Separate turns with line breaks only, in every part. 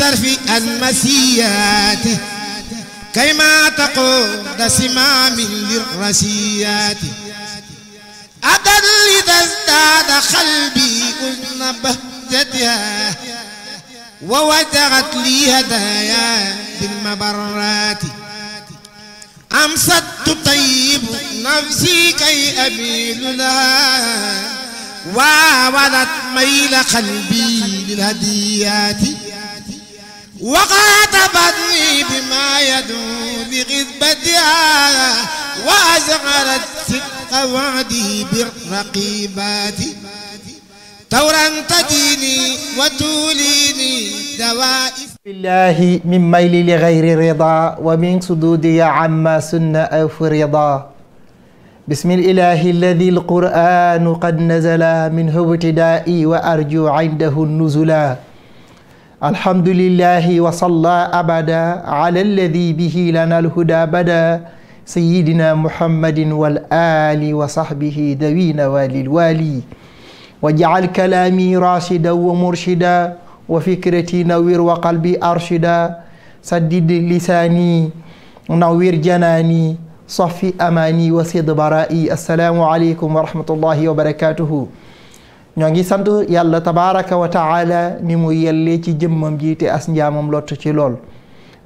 صرف المسيات كيما تقود سمام للرسيات أدل إذا ازداد قلبي أذن بهجتها ووجهت لي هدايا بالمبرات أمست تطيب نفسي كي أميل لها وولت ميل قلبي للهديات وخاطبتني بما يدعو لغذبتها وأزغرت صدق وعدي بالرقيبات تورا تديني وتوليني دوائف
بالله من ميل لغير رضا ومن صدودي عما سن أو فرضا بسم الإله الذي القرآن قد نزل منه ابتدائي وأرجو عنده النزلا alhamdulillahi wa salla abada ala alladi bihi lana alhuda bada sayidina muhammadin wal ali wa sahbihi dawina walil wali waj'al kalami rashida wa murshida wa fikrati nawwir wa qalbi arshida saddid lisani nawwir janani safi amani wa sid barai assalaamu aleykum wa rahmatullahi wa barakatuhu ñoo ngi sant yàlla tabaraka wa taala ni mu yellee ci jëmmam jiite te as njaamam lott ci lool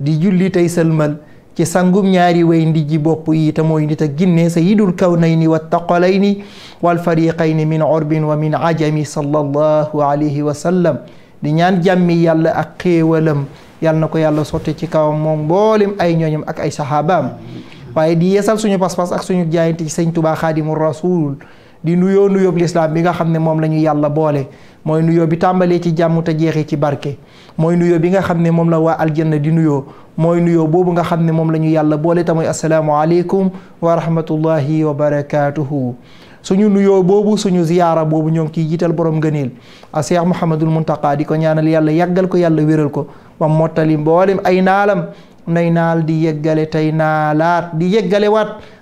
di julli tey sëlmal ci sangum ñaari way ndijji bopp yi te mooy nit ak ginne sayidul kawnayni wattaqalayni walfariqayni min urbin wa min ajami sallallahu alayhi wa sallam di ñaan jàmmi yàlla ak xéewalam yàlla na ko yàlla sotti ci kawam moom mboolem ay ñooñam ak ay saxaabaam waaye di yeesal suñu pas-pas ak suñu jaayante ci sëñ tubaa xaadimu rasul di nuyoo nuyoob lislaam bi nga xam ne moom la ñu yàlla boole mooy nuyoo bi tàmbalee ci jàmm te jeexee ci barke mooy nuyoo bi nga xam ne moom la waa aljanna di nuyoo mooy nuyoo boobu nga xam ne moom la ñu yàlla boole te mooy asalaamualeykum wa rahmatullahi wa barakaatuhu suñu nuyoo boobu suñu ziyaara boobu ñoo ngi ciy jiital borom ngëneel a Cheikh Mouhamadul Muntaqa di ko ñaanal yàlla yàggal ko yàlla wéral ko ba mottali mboolem ay naalam nay naal di yeggale tey naalaat di yeggale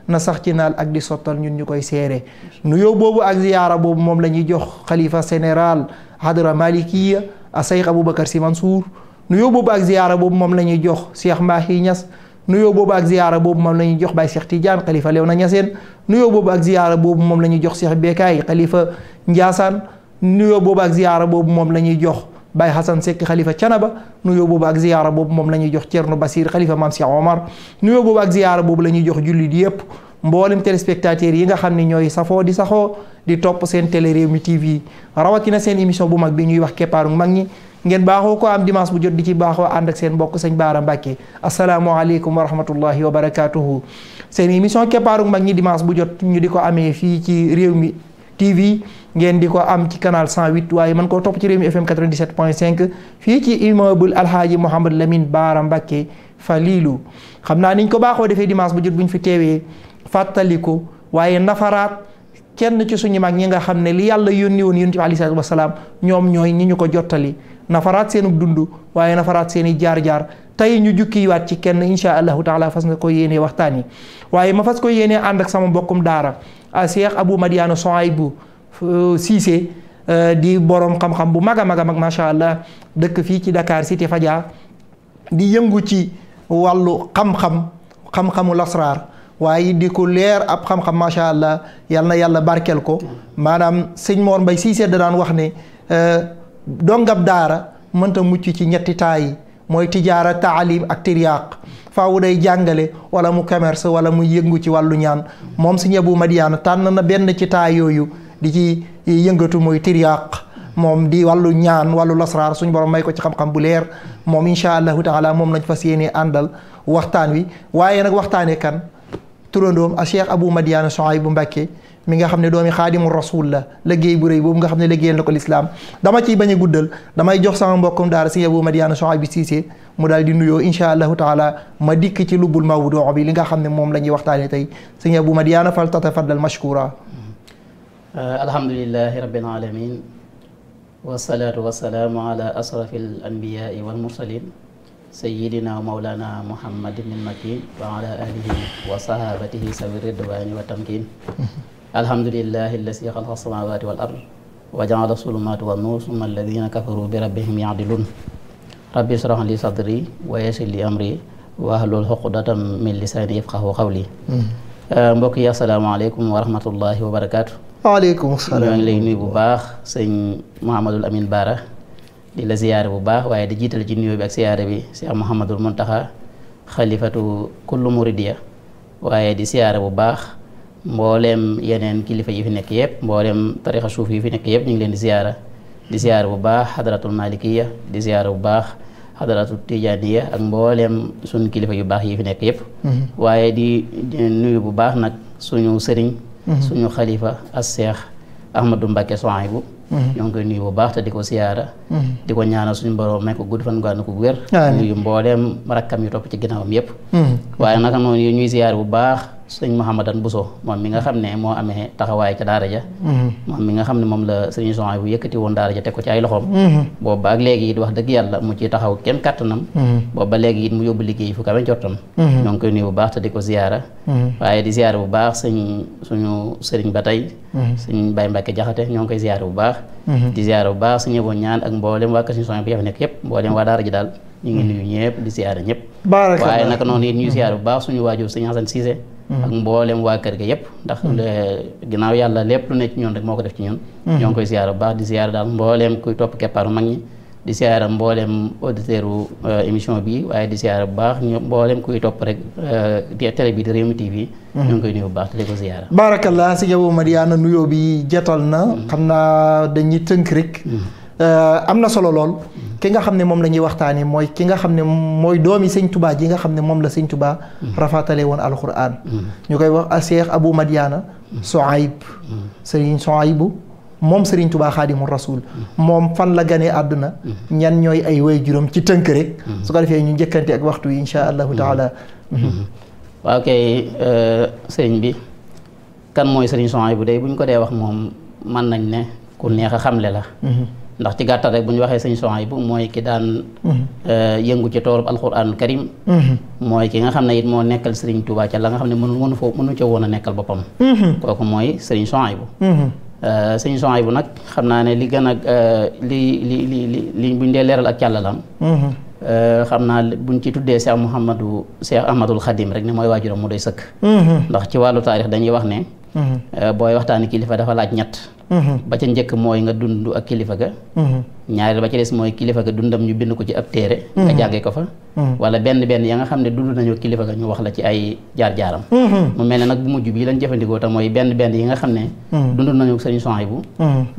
na sax ci naal ak di sottal ñun ñu koy seere nuyoo boobu ak ziyaara boobu moom la ñuy jox xalifa général hadra malikiya a Cheikh Aboubacar Sy Mansour nuyoo boobu ak ziyaara boobu moom la ñuy jox Cheikh Mahi Niass nuyoo boobu ak ziyaara boobu moom la ñuy jox Baye Cheikh Tidiane xalifa Léona Niassène nuyoo boobu ak ziyaara boobu moom la ñuy jox Cheikh Bekaay xalifa Ndiassane nuyoo boobu ak ziyaara boobu moom la ñuy jox Baye Hassan Seck xalifa Canaba nuyoo boobu ak ziyaara boobu moom la ñuy jox Thierno Basir xalifa Maam Cheikh Omar nuyoo boobu ak ziyaara boobu lañuy ñuy jox jullit yépp mboolem téléspectateurs yi nga xam ne ñooy safoo di saxoo di topp seen télé Rewmi TV rawatina seen émission bu mag bi ñuy wax keppaaru mag ñi ngeen baaxoo ko am dimanche bu jot di ci baaxoo ànd ak seen mbokk sëñ Baara Mbàkke asalaamualeykum wa rahmatullahi wa barakatuhu seen émission keppaaru mag ñi dimanche bu jot ñu di ko amee fii ci réew mi TV ngeen di ko am ci canal 108 waaye man koo topp ci Rewmi FM 97.5 fii ci immeuble Alhaaji Mouhamed Lamine Baara lii Falilou xam naa niñ ko baaxoo defee dimanche bu jot buñ fi teewee fàttaliku waaye nafaraat kenn ci suñu mag ñi nga xam ne li yàlla yónni woon yonent bi aleyhi salaatu wa salaam ñoom ñooy ñi ñu ko jottali nafaraat seenu dund waaye nafaraat seeni jaar-jaar tey ñu jukkiwaat ci kenn incha allahu taala fas nga ko yéenee waxtaan yi waaye ma fas ko yéenee ànd ak sama mbokkum daara ah Cheikh Abou Madiane Souaïbou euh, Cissé euh, di borom xam-xam bu mag a mag a mag macha allah dëkk fii ci Dakar Cité Fadia di yëngu ci wàllu xam-xam xam-xamu lasraar waaye di ko leer ab xam-xam macha allah yal na yàlla barkeel ko maanaam sëñ Mor mbay Cissé da daan wax ne euh, dongab daara mënta mucc ci ñetti taayi mooy tijaara taalim ak tiryaq faawu day jàngale wala mu commerce wala mu yëngu ci wàllu ñaan moom si ñebu Madiyaana tànn na benn ci taa yooyu di ci yëngatu mooy tiriyaaq moom di wàllu ñaan wàllu lasraar suñ borom may ko ci xam-xam bu leer moom incha allahu taala moom lañ fa yéene àndal waxtaan wi waaye nag waxtaanee kan turandoom a Cheikh Abou Madiyaana bu Mbacké mi nga xam ne doomi xaadimu rasul la liggéey bu rëy boobu nga xam ne liggéeyal na ko lislaam dama ciy bañ a guddal damay jox sama mbokkum daara si Abu Madiana mu daal di nuyoo incha allahu taala ma dikk ci lubbul mawduu bi li nga xam ne moom la ñuy waxtaane tey sëñ Abu Madiana fal tatafaddal mashkura
uh, alhamdulillahi alladi xalaqa samawati wal ard wa jaala sulumaati wan nuur summa alladina kafaru bi rabbihim yaadilun rabbi israh li sadri wa yassir li amri wahlul uqdatan min lisani yafqahu qawli
hmm.
mbokk yi asalaamaaleykum wa rahmatullahi wa barakaatu waaleykum salaam ñoo ngi lay nuyu bu baax sëñ Mouhamadul Amin Baara di la ziyaare bu baax waaye di jiital ci nuyoo bi ak ziyaare bi Cheikh Mouhamadul Muntaxa xalifatu kullu muridiya waaye di ziyaare bu baax mbooleem yeneen kilifa yi fi nekk yëpp mbooleem tarixa suuf yi fi nekk yëpp ñu ngi leen di ziyaara di ziyaara bu baax xadaratul malikiya di ziyaara bu baax xadaratul ya ak mbooleem suñ kilifa yu baax yi fi nekk yëpp mm-hmm. waaye di nuyu bu baax nag suñu sëriñ mm-hmm. suñu xalifa as seex ahmadou mbàkke sohaybu
mm-hmm. ñoo ngi
koy nuyu bu baax te di ko ziyaara Mm-hmm. di ko ñaanal suñu borom may ko gudd fan gaa na ko wér nuyu mbooleem rakkam yi topp ci ginnaawam yëpp
mm-hmm.
waaye naka noonu ñuy ziyaar bu baax sëñ Mouhamadan Bousso moom mi nga xam ne moo amee taxawaay ca daara ja mm-hmm. moom mi nga xam ne moom la sëñ Jean bu yëkkati woon daara ja teg ko ci ay loxoom boobu ba ak léegi it wax dëgg yàlla mu ciy taxaw kenn kàttanam boobu ba léegi it mu yóbbu liggéey fu kawe jortam ñoo ngi koy nuyu bu baax te di ko ziyaara waaye di ziyaara bu baax sëñ suñu sëriñ ba tey sëñ Baye Mbacke Jaxate ñoo ngi koy ziyaara bu baax Mhm. di ziyaara bu baax suñu yëboon ñaan ak mboolem waa kër suñu soxna bi fa nekk yëpp mboolem waa daara ji daal ñu ngi nuyu ñëpp di ziyaara ñëpp waaye naka noonu it ñuy ziyaara bu baax suñu waajur sëñ Hasan Cissé mhm. ak mboolem waa kër ga yëpp ndax mhm. ginnaaw yàlla lépp lu ne ci ñun rek moo ko def ci ñun ñoo koy ziyaara bu baax di ziyaara daal mboolem kuy topp keppaaru mag ñi di siyaara mboolem auditeur euh, émission bi waaye di siyaara bu baax ñu mboolem kuy topp rek euh, di télé bi di Rewmi TV. Mhm. ñu ngi koy nuyu bu baax di ko siyaara.
baarakallah si yow Mariana nuyoo bi jotal na. Mhm. xam naa dañuy tënk rek. Mhm. Euh, am na solo lool. ki nga xam ne moom la ñuy waxtaanee mooy ki nga xam ne mooy doomi sëñ Touba ji nga xam ne moom la sëñ Touba. rafatale woon alquran. ñu koy wax Cheikh Abou Madiana. Soayib. Serigne Soayibu. moom Serigne Touba Xaadimu Rasul moom fan la ganee àdduna ñan ñooy ay way juróom ci tënk rek su ko defee ñu njëkkante ak waxtu yi insha allahu taala
waaw kay euh, sëriñ bi kan mooy Serigne Souhaïbou day bu ñu ko dee wax moom mën nañ ne ku neex a xamle la ndax ci gàttal rek bu ñu waxee sëñ Souhaïbou mooy ki daan euh, yëngu ci al alxuraanul karim mooy ki nga xam ne it moo nekkal Serigne Touba ca la nga xam ne mënu mënu foo mënu ca woon nekkal boppam mm-hmm. kooku mooy Serigne Souhaïbou Euh, sëñ Sohaybu nag xam naa ne li gën a euh, li li li li buñ dee leeral ak càllalam mm-hmm. euh, xam naa buñ ci tuddee Cheikh Mouhamadou Cheikh Ahmadul Khadim rek ne mooy waajuram mu doy sëkk mm-hmm. ndax ci wàllu taarix dañuy wax ne mm-hmm. booy waxtaani kilifa dafa laaj ñett Mm-hmm. ba ca njëkk mooy nga dund ak kilifa ga mm-hmm. ñaareel ba ca des mooy kilifa ga dundam ñu bind ko ci ab téere mm-hmm. nga jànge ko fa wala benn benn ya nga xam ne dund nañoo kilifa ga ñu wax la ci ay jaar-jaaram mu mel ne nag bu mujj bii lañ jëfandikoo te mooy benn benn yi nga xam ne dund nañu sëriñ Souhaïbou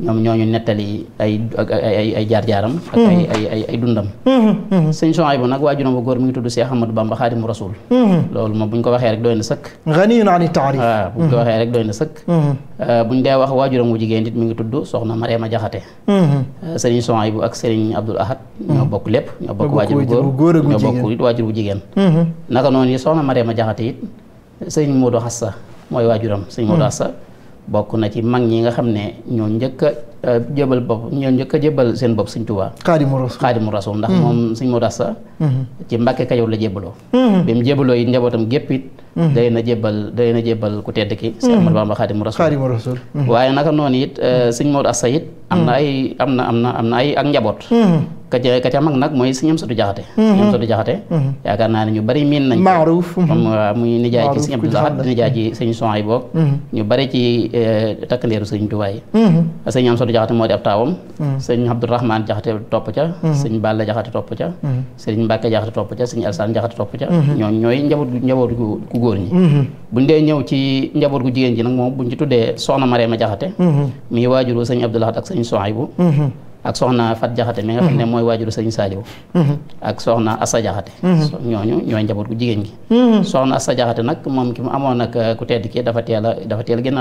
ñoom ñooñu nettali ay ay ay jaar-jaaram ak ay ay
ay
ay nag waajuram bu góor mi ngi tudd Cheikh Ahmadou Bamba Khadimu Rasul loolu moom bu ñu ko waxee rek doy na sëkk waaw bu ñu ko waxee rek doy na sëkk euh, bu ñu dee wax waajuram wu jigéen beneen nit mi ngi tudd soxna Mariama Jaxate
mm-hmm. euh,
sëriñ Sohaybu ak sëriñ Abdul Ahad mm-hmm. ñoo bokk lépp ñoo bokk waajur bu góor ñoo bokk it waajur bu jigéen mm-hmm. naka noonu yi soxna Mariama Jaxate it sëriñ Moodu Xassa mooy waajuram sëriñ Moodu Xassa bokk na ci mag ñi nga xam ne ñoo njëkk a euh, jébal bopp ñoo njëkk a jébal seen bopp sëriñ Tuubaa Xaadimu Rasuul ndax moom sëriñ Moodu Xassa ci Mbàkke Kajoor la jébbaloo mm-hmm. bi mu jébbaloo it njabootam gépp it mm-hmm. day na jébbal day na jébbal ku tedd ki si Ahmadu Bamba Xaadimu Rasuul Xaadimu Rasuul mm-hmm. waaye naka noonu it eh, sëñ Moodu Asta it am na ay am na am na am na ay ak njaboot ka ca ka ca mag nag mooy sëñ Amsatu Jaxate sëñ Amsatu Jaxate yaakaar moo di ab taawam sëñ Abdourahmane Jaxate topp ca sëñ Balla Jaxate topp ca sëñ sëñ Mbàkke jaxate topp ca sëñ Alsaan jaxate topp ca mhm. ñooñ ñooy njaboot gu njaboot gu góor ñi mhm. buñ dee ñëw ci njaboot gu jigéen ji nag moom buñ ci tuddee soxna Mariama jaxate mhm. mii waajuru sëñ Abdoulahat ak sëñ Sohaybu ak soxna Fat jaxate mi nga xam ne mooy waajuru sëñ Saaliw ak soxna Assa jaxate ñooñu ñooy njaboot gu jigéen gi ki mu amoon nag ku tedd ki dafa teel a dafa teel a génn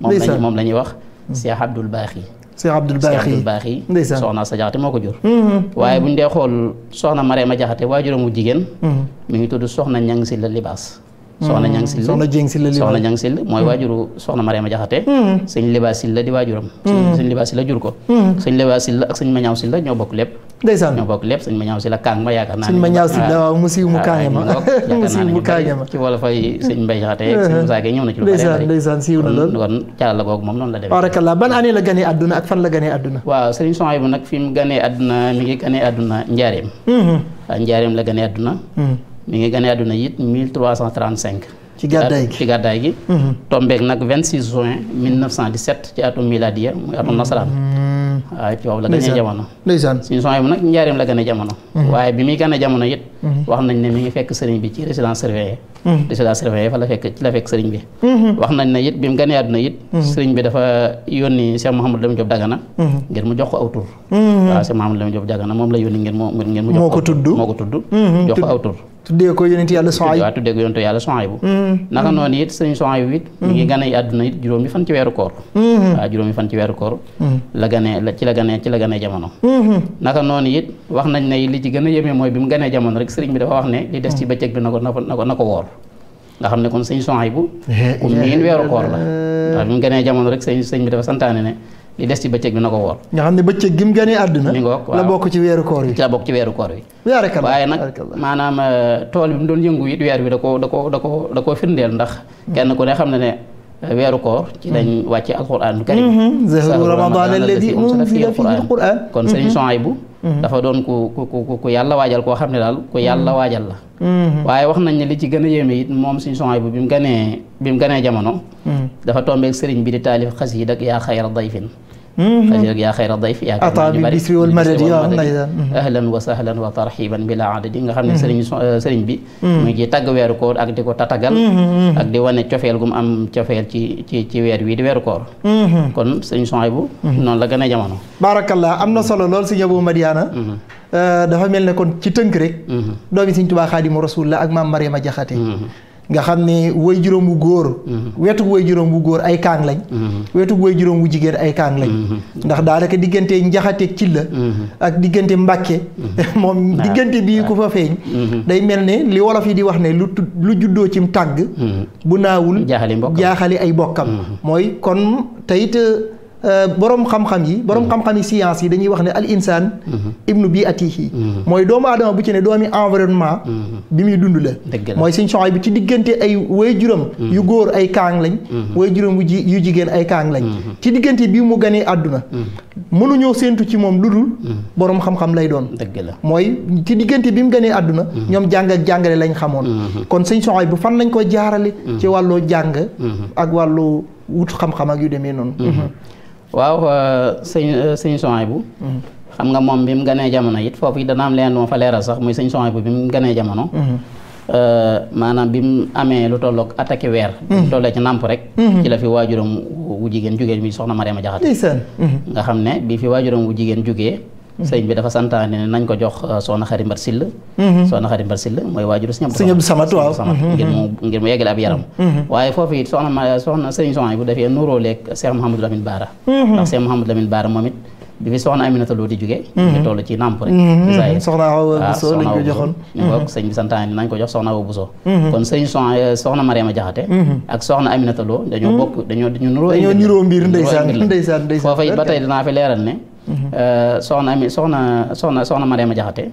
moom lañ moom la ñuy wax Cheikh
Cheikh Abdoul Baaxi Cheikh Abdoul
Baaxi ndeysaan soxna sa jaxate moo ko jur
mm-hmm. waaye bu ñu
dee xool soxna Marema jaxate waajuram wu jigéen mm-hmm. mi ngi tudd soxna ñang si la libaas
soxna hmm. ñang sill soxna jéng
sill soxna ñang sill mooy hmm. waajuru soxna mariama jaxate hmm. sëñ libaa silla di waajuram sëñ libaa silla jur ko sëñ libaa silla ak sëñ mañaaw silla ñoo bokk lépp ndeysaan ñoo bokk lépp sëñ mañaaw silla kaang ma yaakaar naa sëñ mañaaw silla waaw
mu siiw mu ah, kaange ma
mu siiw mu kaange ma ci wala fay sëñ mbay jaxate sëñ musaa kee ñëw na ci lu bari la googu moom noonu la demee la ganee àdduna ak fan la ganee àdduna njaareem la ganee àdduna mi ngi gane àdduna it 1335. ci gàddaay gi ci gàddaay gi. Mhm. tombeek nag 26 juin 1917 ci atum miladiya muy atum mhm. nasaraan. waaye foofu la a jamono. ndeysaan suñu soxna nag njaareem la a jamono. Mhm. waaye bi muy gane jamono it. wax nañ ne mi ngi fekk sëriñ bi ci résidence surveillée. résidence surveillée fa la fekk ci la fekk sëriñ bi. wax nañ ne it bi mu gane àdduna it. sëriñ bi dafa yónni Cheikh Mouhamadou Lamine Diop Dagana. ngir mu jox ko aw tur.
waaw Cheikh
Mouhamadou Lamine Diop Dagana moom la yónni tuddee ko yonent yàlla Suhayb waaw tuddee ko yonent yàlla Suhayb
hmm. naka noonu
it sëriñ Suhayb it mi ngi hmm. gane àdduna it juróomi fan ci weeru koor hmm. waaw juróomi fan ci weeru koor la ganee la ci la ganee ci la ganee jamono naka noonu it wax nañ ne li ci gën a yéeme mooy bi mu ganee jamono rek sëriñ bi dafa wax ne li des ci bëccëg bi na ko na ko woor nga xam ne kon sëñ Suhayb bu
eh, ku miin eh, weeru koor la
ndax eh. bi mu ganee jamono rek sëñ bi dafa santaane ne li des ci bëccëg bi na ko woor
nga xam ne bëccëg gi mu gënee àdduna mi
ngoog la bokk ci weeru koor wi ci la bokk ci weeru koor wi waaye nag maanaam euh, tool bi mu doon yëngu it weer wi da ko da ko da ko da koo firndeel ndax kenn ko ne xam ne ne weeru koor ci lañ mhm. wàcce alquranul karim mhm. zahru ramadan alladi unzila fihi mhm. dafa doon ku ku ku yàlla waajal koo xam ne daal ku yàlla waajal la waaye wax nañ ne li ci gën a yéeme it moom sëriñ Souhaïbou bi mu ganee bi mu ganee jamono dafa tombeek sëriñ bi di taalif xas yi dak yaa xayra dayfin
yaa
xayra dayf yaakaar ñu bari bis bi wal madadi ahlan wa sahlan wa tarxiban bila adadi nga xam ne sëriñ sëriñ bi mu ngi tagg weeru koor ak di ko tatagal ak di wane cofeel gu mu am cofeel ci weer wii di weeru koor kon sëriñ Suhaybu noonu la gën a jamono
barakallah am na solo lool sëriñ Abu Madiana dafa mel ne kon ci tënk rek doomi sëriñ Tuubaa Xaadimu Rasuul la ak maam Mariama Jaxate nga xam ne woy juróom wu góor mm-hmm. wetu woy juróom wu góor ay kaang lañ mm-hmm. wetu woy juróom wu jigéen ay kaang lañ mm-hmm. ndax daanaka diggante njaxate ci la ak diggante mbàkke moom diggante bii ku fa feeñ day mel ne li wolof yi di wax ne lu lu juddoo ci mu tàgg bu naawul jaaxali ay bokkam mooy kon teyit Euh, borom xam-xam yi borom mm-hmm. xam-xam yi science yi dañuy wax ne al insaan mm-hmm. ibnu bi atihi mm-hmm. mooy doomu aadama bu ci ne doomi environnement bi muy dund la mooy sëñ Soxaybu bi ci diggante ay way juróom yu góor ay kaang lañ way juróom yu jigéen ay kaang lañ ci diggante bi mu ganee àdduna mënuñoo séentu ci moom lu dul borom xam lay doon dëgg la mooy ci diggante bi mu ganee àdduna ñoom jàng ak jàngale lañ xamoon kon sëñ Soxaybu bu fan lañ ko jaarale ci wàllu jàng ak wàllu wut xam-xam ak yu demee noonu
waaw euh, sëñ euh, sëñ bu mm-hmm. xam nga moom bi mu a jamono it foofu yi dana am leen lu ma fa leeral sax muy sëñ Souhaïbou bi mu gënee jamono mm-hmm. euh, maanaam bi mu amee lu tolloog attaqué weer mm-hmm. lu tollee ci nàmp rek ci la fi waajuram wu jigéen jógee mi soxna Mariama Jaxate nga xam ne bi fi waajuram wu jigéen jógee Mm-hmm. sëriñ bi dafa santaane ne nañ ko jox uh, soxna Xari Mbar Sill
mm-hmm. soxna
Xari Mbar Sill mooy waajuru sëriñ Abdou Samad Samad waaw ngir mm-hmm. ngir mu yeggale ab yaram waaye foofu it soxna ma soxna sëriñ soxna bu defee nuróo leeg Cheikh Mouhamadou Lamine Bara ndax Cheikh Mouhamadou Lamine Bara moom it bi fi soxna Aminata Lo di jógee ñu toll ci nàmp rek isaay soxna Awa Bousso lañ ko joxoon ñu ko sëñ bi santaane nañ ko jox soxna Awa Bousso kon sëñ soxna eh, soxna Mariama Jaxate ak soxna Aminata Lo dañoo bokk dañoo dañoo nuroo dañoo niroo
mbir ndeysaan
ndeysaan Euh, soxna ami soxna soxna soxna Mariama Jaxate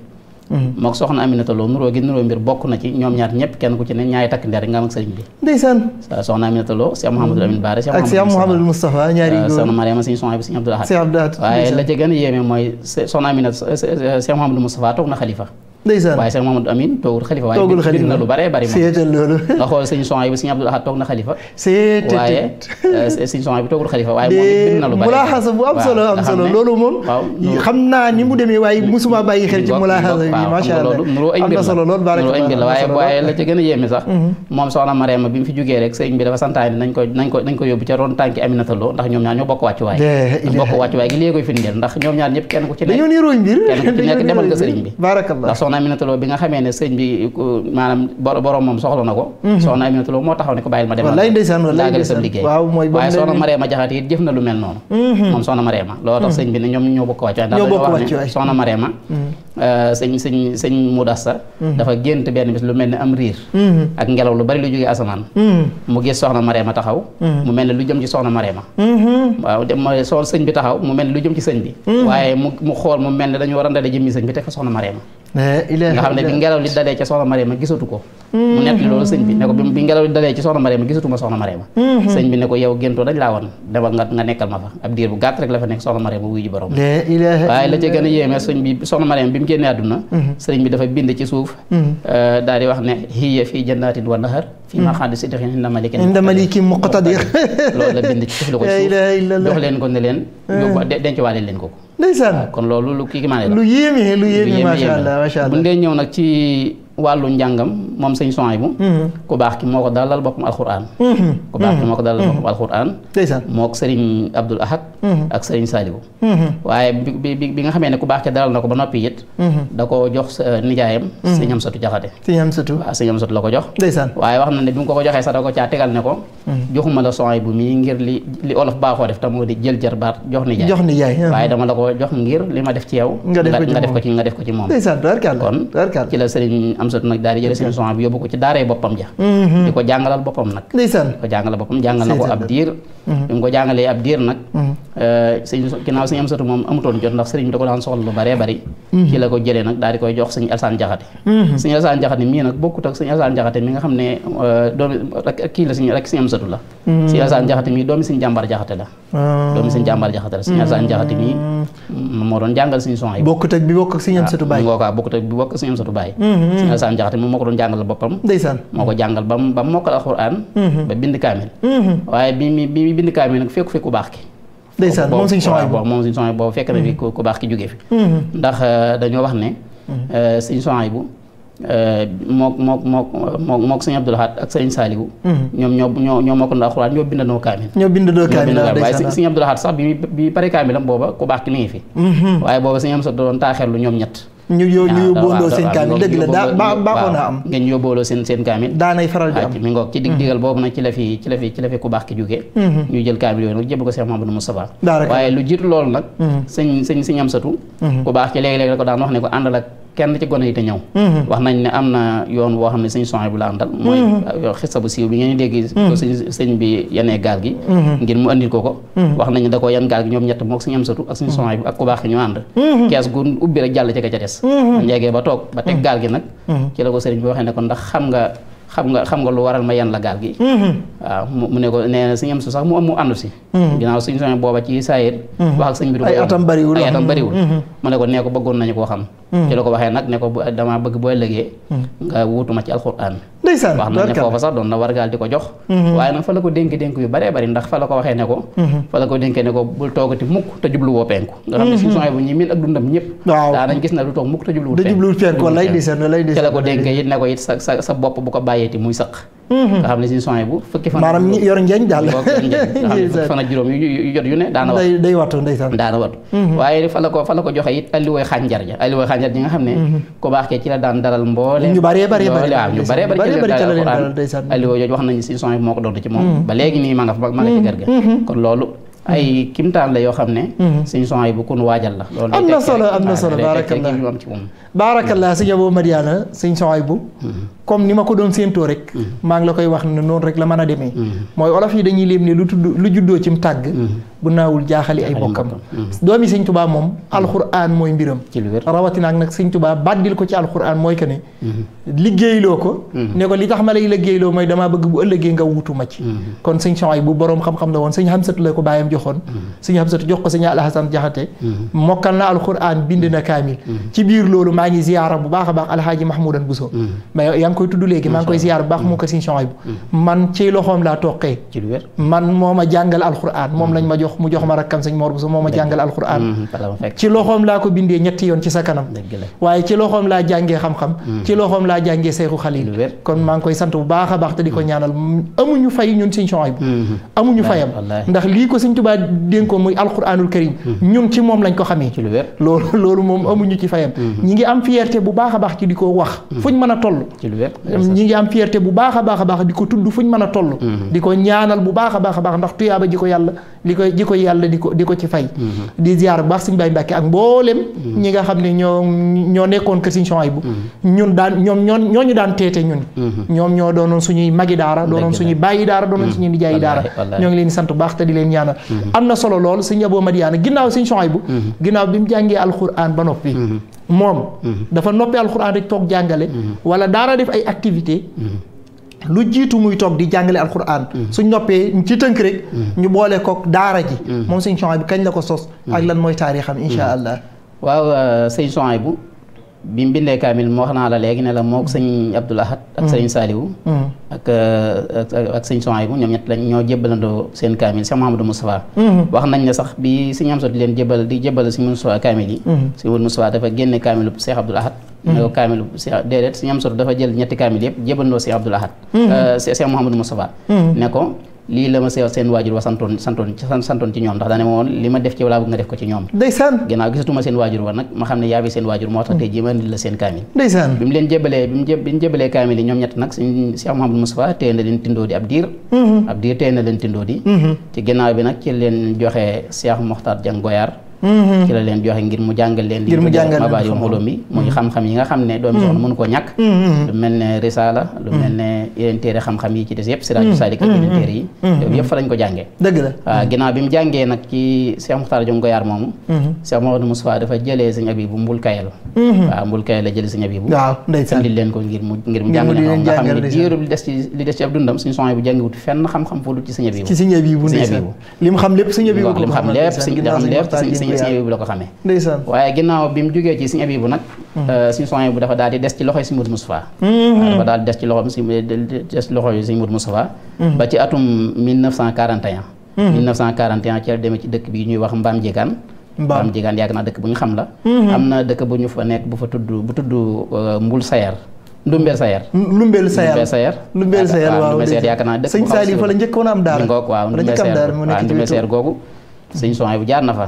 mhm. mook soxna Aminata Lo nuroo gi nuroo mbir bokk na ci ñoom ñaat ñëpp kenn ku ci ne ñaari takk ndeer nga am ak sëriñ bi ndeysaan soxna Aminata Lo Cheikh Mouhamadou Amine Baare ak Cheikh
Mouhamadou Moustapha ñaari euh, soxna
Mariama sëriñ gën a yéeme mooy soxna Aminata Cheikh Mouhamadou Moustapha toog na xalifa ndeysaan waaye sëñ Mamadou Amine toogul xalifa waaye toogul xalifa na lu bare bari seetal loolu nga xool sëñ son yi bu sëñ Abdou Ahad toog na xalifa seetal waaye sëñ son bi toogul xalifa waaye moom bind na lu bare mulaaxasa bu am solo am solo loolu moom xam naa ni mu demee waaye musuma bàyyi xel ci mulaaxasa bi macha allah loolu ay mbir la solo loolu baraka ay mbir la waaye waaye la ca gën a yéeme sax mm-hmm. moom soxna Mariama bi mu fi jógee rek sëñ bi dafa santaane nañ ko nañ ko nañ ko yóbbu ca roon tànki Aminata Lo ndax ñoom ñaar ñoo bokk wàccu waay bokk wàccu waay gi léegi koy firndeel ndax ñoom ñaar ñëpp kenn ku ci nekk kenn ku ci nekk demal nga sëriñ bi barakallah soxna Aminata bi nga xamee ne sëñ bi maanaam borom moom soxla na ko mhm. soxna Aminata Lo moo taxaw ne ko bàyyil ma dem daagali sam liggéey
waaye soxna Marema
Jaxate it jëf na lu mel noonu mhm. moom soxna Marema loolu tax mhm. sëñ bi ne ñoom ñoo bokk wàcc waaye ndax dañoo wax ne soxna Marema euh, sëñ sëñ sëñ Mudassa dafa gént benn bis lu mel ne am riir ak ngelaw lu bari lu jógee asamaan mu gis soxna Marema taxaw mu mel ne lu jëm ci soxna Marema waaw mooy soxna sëñ bi taxaw mu mel ne lu jëm ci sëñ bi waaye mu mu xool mu mel ne dañoo randale jëmmi sëñ bi teg fa soxna Marema Eh, nga xam ne bi ngelaw li dalee ca soxna Marema gisatu ko mu nekk loolu sëñ bi ne ko bi ngelaw li dalee ci soxna Marema gisatu ma soxna Marema mhm. sëñ bi ne ko yow géntoo dañ laa woon demal nga nekkal ma fa ab diir bu gàtt rek la fa nekk soxna Marema wuyu ji borom
waaye la ca gën a yéeme
sëñ bi soxna bi mu génnee àdduna mhm. sëñ bi dafa bind ci suuf mhm. euh, daal di wax ne hiya fii jannatin wa nahar fii maa xaadi si defin inda malikin inda
malikin muqtadir
loolu la bind ci suuf la ko jox leen ko ne leen denc waale leen ko ndeysaan kon loolu lu kii maa lu yéeme lu yéeme macha allah macha allah bu ñëw nag ci wàllu njàngam moom sëñ sonay bu mm-hmm. ku baax ki moo ko dalal boppam alxuraan mm-hmm. ku baax ki moo ko dalal mm-hmm. boppam alxuraan moo ko sëriñ abdul ahad ak sëriñ saalibu waaye bi bi bi nga xamee ne ku baax ki dalal na ko ba noppi it da ko jox uh, nijaayam sëñ am satu jaxate sëñ am satu waaw sëñ am satu la ko jox ndeysaan waaye wax na ne bi da ko caa tegal ne ko joxuma la sonay bu mii ngir moo uh-huh. ko jox ngir li ma def ci yow nga def ko moom kon ci la sëriñ amsatu nag daal di jële sëñ Sohaybu bi yóbbu ko ci daaree boppam ja
mm-hmm. di ko
jàngalal boppam nag ndeysaan di ko jàngalal boppam jàngal na ko ab diir
mm-hmm. bi mu
ko jàngalee ab diir nag mm-hmm. eh, sëñ ginnaaw sëñ amsatu moom amutoon jot ndax sëriñ bi da ko daan soxla lu baree la ko jëlee nag daal di koy jox sëñ Alsaan Jaxate sëñ Alsaan Jaxate mii nag bokkut ak sëñ Alsaan Jaxate mi nga xam ne eh, doomi rek kii la sëñ mii doomi sëñ jàmbar jaxate la
ah. doomi sëñ jàmbar
jaxate la sëñ Alsaan Jaxate mii moo doon jàngal sëñ Sohaybu bokkut ak bi amsatu baay Alassane Diakhaté moom moo ko doon jàngal boppam ndeysaan moo ko jàngal bam ba mu mokkal alxuraan mm-hmm. ba bind kaamil mm-hmm. waaye bi mi bi bind kaamil nag fekku fi ku baax ki
ndeysaan moom suñu songe boobu
moom suñu songe boobu na fi mm-hmm. ku baax ki jógee fi ndax euh, dañoo wax ne euh, suñu songe bu euh, mook mook mook mook mook sëñ Abdou Lahad ak sëñ Saliou ñoom ñoo ñoo ñoo mokkal alxuraan ñoo bindandoo kaamil ñoo bindandoo ñoom ñett
ñu yow ñu ah, yóbbooloo seen kaamil dëgg la daa baaxoon naa
am ngeen yóbbooloo seen seen kaamil daanay faral di mi ngoog ci dig mm-hmm. digal boobu nag ci la fi ci la fi ci la fi ku baax ki jógee mm-hmm. ñu jël kaamil yooyu nag jëb ko Cheikh Mamadou Moustapha waaye lu jiitu loolu nag mm-hmm. sëñ sëñ sëñ am satu ku baax ki léegi-léegi la ko daan wax ne ko àndal ak kenn ci gone yi te ñëw mhm. wax nañ ne am na yoon woo xam ne sëñ soxna bu la àndal mhm. mooy euh, xista bu siiw bi ngeen dégg mhm. ko sëñ sëñ bi yenee gaal gi ngir mu andil ko ko wax nañ ne da ko yan gaal gi ñoom ñett mook sëñ am satu ak sëñ soxna bi ak ku baax ñu kees gu ubbi rek jàll ci ka ca des njegee ba toog ba teg gaal gi nag ci la ko sëriñ bi waxee ne ko ndax xam nga xam nga xam nga lu waral ma yan la gaal gi mm-hmm. waaw mu ne ko nee na sëñ am su sax mu am mu àndu si mm-hmm. ginnaaw suñ soñ booba ci saayir mm-hmm. wax ak sëñ bi ay atam bariwul ay atam bariwul mu ne ko nee ko bëggoon nañu koo xam ci la ko waxee nag ne ko damaa bëgg boo ëllëgee nga wutuma ci alxuraan ndeysaan wax nañ ne foofa sax doon na wargaal di ko jox mhm. waaye nag fa la ko dénk-dénk yu baree bari ndax fa la ko waxee ne ko mhm. fa la ko dénkee ne ko bul toogati mukk te jubluwoo penku nga xam ne mhm. si soxna bu ñi miin ak dundam ñëpp daa gis na du toog mukk te jubluwul penku ca la ko dénkee it ne ko it sa sa bopp bu ko bàyyeeti muy sëq Mhm. nga xam ne si soin bu fukki fan. maanaam
ñi yor njeeñ daal nga xam ne fukki fan
ak juróom yu jot yu ne daana wattu day wattu ndeysaan daana wattu mhm. waaye fa la ko fa la ko joxe it alliwooy xànjar ja alliwooy xànjar ji nga moo ko doon ci moom mhm. ba léegi nii ma nga fa ma nga ci kër kon loolu ay kimtaan la yoo xam ne suñu son bu kun waajal la am na solo am na solo baarakallah baarakallah sëñ
Abou Madiana suñu son bu comme ni ma ko doon séentoo rek. Mm-hmm. maa ngi la koy wax ne noonu rek la man a demee. Mm-hmm. mooy olof yi dañuy léem ne lu tudd lu juddoo cim tàgg. Mm-hmm. bu naawul jaaxali ay bokkam. doomi sëñ tubaa moom alxuraan mooy mbiram. ci lu wér rawatina nag sëñ tubaa bàddil ko ci alxuraan mooy que ne. liggéeyloo ko. ne ko li tax ma lay liggéeyloo mooy damaa bëgg bu ëllëgee nga wutu ma ci. kon sëñ Soxay xam-xam la woon sëñ Hamsatu la ko bàyyam joxoon. sëñ Hamsatu jox ko sëñ Alhasan Jaxate. mokkal na alxuraan bind na kaamil. ci biir loolu maa ngi ziyaara bu baax a baax alxaaji Mahmoudan Buso ngi koy tudd léegi maa ngi koy ziyaar bu baax moo ko siñ sonay bu mm. man ci loxoom laa toqee man moo ma jàngal alxuraan moom mm. lañ ma jox mu jox ma rakkam sëñ Mor Bousso moo ma jàngal alxuraan mm. ci loxoom laa ko bindee ñetti yoon ci sa kanam waaye ci loxoom laa jàngee xam-xam ci loxoom laa jàngee Seexu Xaliil kon maa ngi koy sant bu baax a baax te di ko ñaanal amuñu fay ñun siñ sonay mm-hmm. ndax lii ko sëñ Tuubaa dénkoon muy alxuraanul karim ñun ci moom lañ ko xamee loolu loolu moom amuñu ci fayam mm-hmm. ñi ngi am fierté bu baax a baax ci di ko wax fuñ mën a toll de ñi ngi am fierté bu baax a baax a baax di ko tudd fuñ mën a toll mhm. di ko ñaanal bu baax a baax a baax ndax tuyaaba ji ko yàlla di koy ji ko yàlla di ko di ko ci fay mhm. di ziar bu baax suñu Baay Mbàkke ak mboolem mhm. ñi nga xam ne ñoo ñoo nekkoon kër Sëriñ bu ñun daan ñoom ñoo ñoo ñu daan teete ñun ñoom ñoo doonoon suñuy magi daara doonoon suñuy bàyyi daara doonoon suñuy nijaayi daara ñoo ngi leen sant bu baax te di leen ñaanal am na solo lool Sëriñ Abo Madiyaana ginnaaw Sëriñ Suhaybu ginnaaw bi mu jàngee alxuraan moom mhm. dafa noppi alxuraan rek toog jàngale mhm. wala daara def ay activité mhm. lu jiitu muy toog di jàngale alxuraan suñ noppee ci tënk rek ñu boole kook daara ji moom sëñ Chouaïbou bi kañ la ko sos ak lan mooy taarixam insha allah
waaw euh, sëñ Chouaïbou bu bi mu bindee kaamil moo wax naa la léegi ne la moo sëñ Abdul Ahad ak mm. sëñ Saaliwu mm. ak ak sëñ Sohaybu ñoom ñett lañ ñoo jébbalandoo seen kaamil Cheikh Mouhamadou Moustapha mm-hmm. wax nañ ne sax bi sëñ Amsatu di leen jébbal di jébbal sëñ Moustapha kaamil yi mm-hmm. sëñ Moustapha dafa génne kaamilu Cheikh Abdul Ahad mm-hmm. ne ko kaamilu Cheikh déedéet sëñ Amsatu dafa jël ñetti kaamil yëpp jébbandoo Cheikh Abdul Ahad euh, Cheikh Mouhamadou Moustapha ne ko lii la ma seew seen waajur wa santoon santoon santoon ci ñoom ndax daane ma li ma def ci walaa bëgg nga def ko ci ñoom ndeysaan ginnaaw gisatuma seen waajur wa nag ma xam ne yaa seen waajur moo tax mm. tey jii la seen kaamil ndeysaan bi mu leen jébalee bi mu jébalee kaamil yi ñoom ñett nag suñ Cheikh Mouhamadou Moustapha téye na leen tindoo di ab diir mm-hmm. ab diir téye na leen tindoo di mm-hmm. ci ginnaaw bi nag ci leen joxee Cheikh Mokhtar Dieng Goyar
Mm-hmm. ci la leen
joxe ngir mu jàngal leen ngir mu jàngal leen mabaayu mbooloo mi muy mm-hmm. xam-xam yi nga xam ne doomi mm-hmm. soxna mënu koo ñàkk lu mel ne risaala lu mel ne yeneen téere xam-xam yi ci des yëpp siraaju saalik ak yeneen téere ko jàngee dëgg la waaw ginnaaw bi mu jàngee nag ci Cheikh Muxtaar mbul kayel waaw mbul kayel la jëlee sëñ Abibu waaw ndeysaan indil leen ko ngir mu ngir nga xam ne diiru li des ci li dundam suñu soxna bu jàngiwut fenn xam-xam fu dul ci sëñ Abibu ci li mu xam lépp sëñ Abibu li mu xam ci sëñ Abibu la ko xamee ndeysaan waaye ginnaaw bi mu jógee ci sëñ Abibu nag sëñ Sohaybu bu dafa daal di des ci loxoy sëñ Mudu Mustafaa
mm-hmm. dafa daal
di des ci loxo si des ci loxoy sëñ Mudu Mustafaa mm-hmm. ba ci atum mm-hmm. ci la ci dëkk bi ñuy wax Mbaam Jégaan Mbaam Jégaan yàgg naa dëkk bu ñu xam la am na dëkk bu ñu fa nekk bu fa tudd bu tudd euh, Mbul Sayer Ndumbeel Sayer. Ndumbeel Sayer Ndumbeel Sayer. Ndumbeel Sayer waaw Ndumbeel Sayer yaakaar naa dëkk bu xaw a sëñ Saliou fa la am daara. waaw Ndumbeel Sayer waaw Ndumbeel Sayer googu. sëñ Sohaybu bu jaar na fa.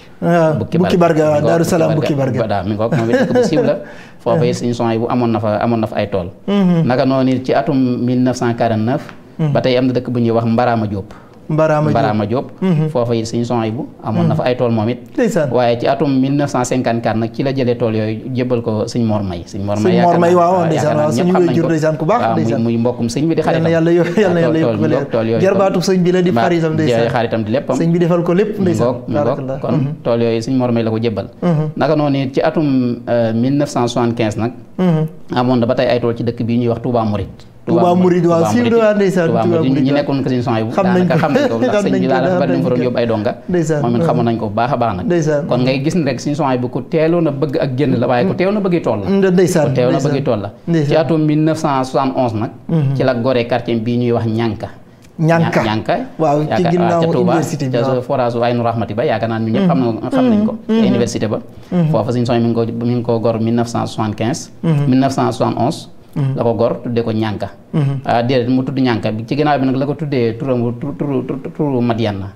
Ah, bukki barga daaru salaam bukki barga
daa mi ngoog moom it dëkk bu siiw la foofa yi suñu son yi bu amoon na fa amoon na fa ay tool mm-hmm. naka noonu ci atum 1949 mm-hmm. ba tey am na dëkk bu ñuy wax Mbaraama Jóob Mbaraama Diop mhm. foofa it sëñ son bu amoon na mhm. fa ay tool moom it waaye ci atum 1954 nag ci la jëlee nag mhm. amoon na ba tey ay tool ci dëkk bii ñuy wax Touba Mouride
Touba Mouride waaw si waaw
ndeysaan Touba Mouride ñi nekkoon ko sëñ bu xam nañ ko xam nañ ko ndax sëñ daanaka bari a a na bëgg tool la mhm. ñu ah, ñëpp xam mhm. na ko mhm. université ba foofa sëñ mi ngi ko mi ngi Mm-hmm. la ko gor tuddee ko ñànka mm-hmm. ah, déedéet mu tudd ñànka bi ci ginnaaw bi nag la ko tuddee turamu turu turu Madiana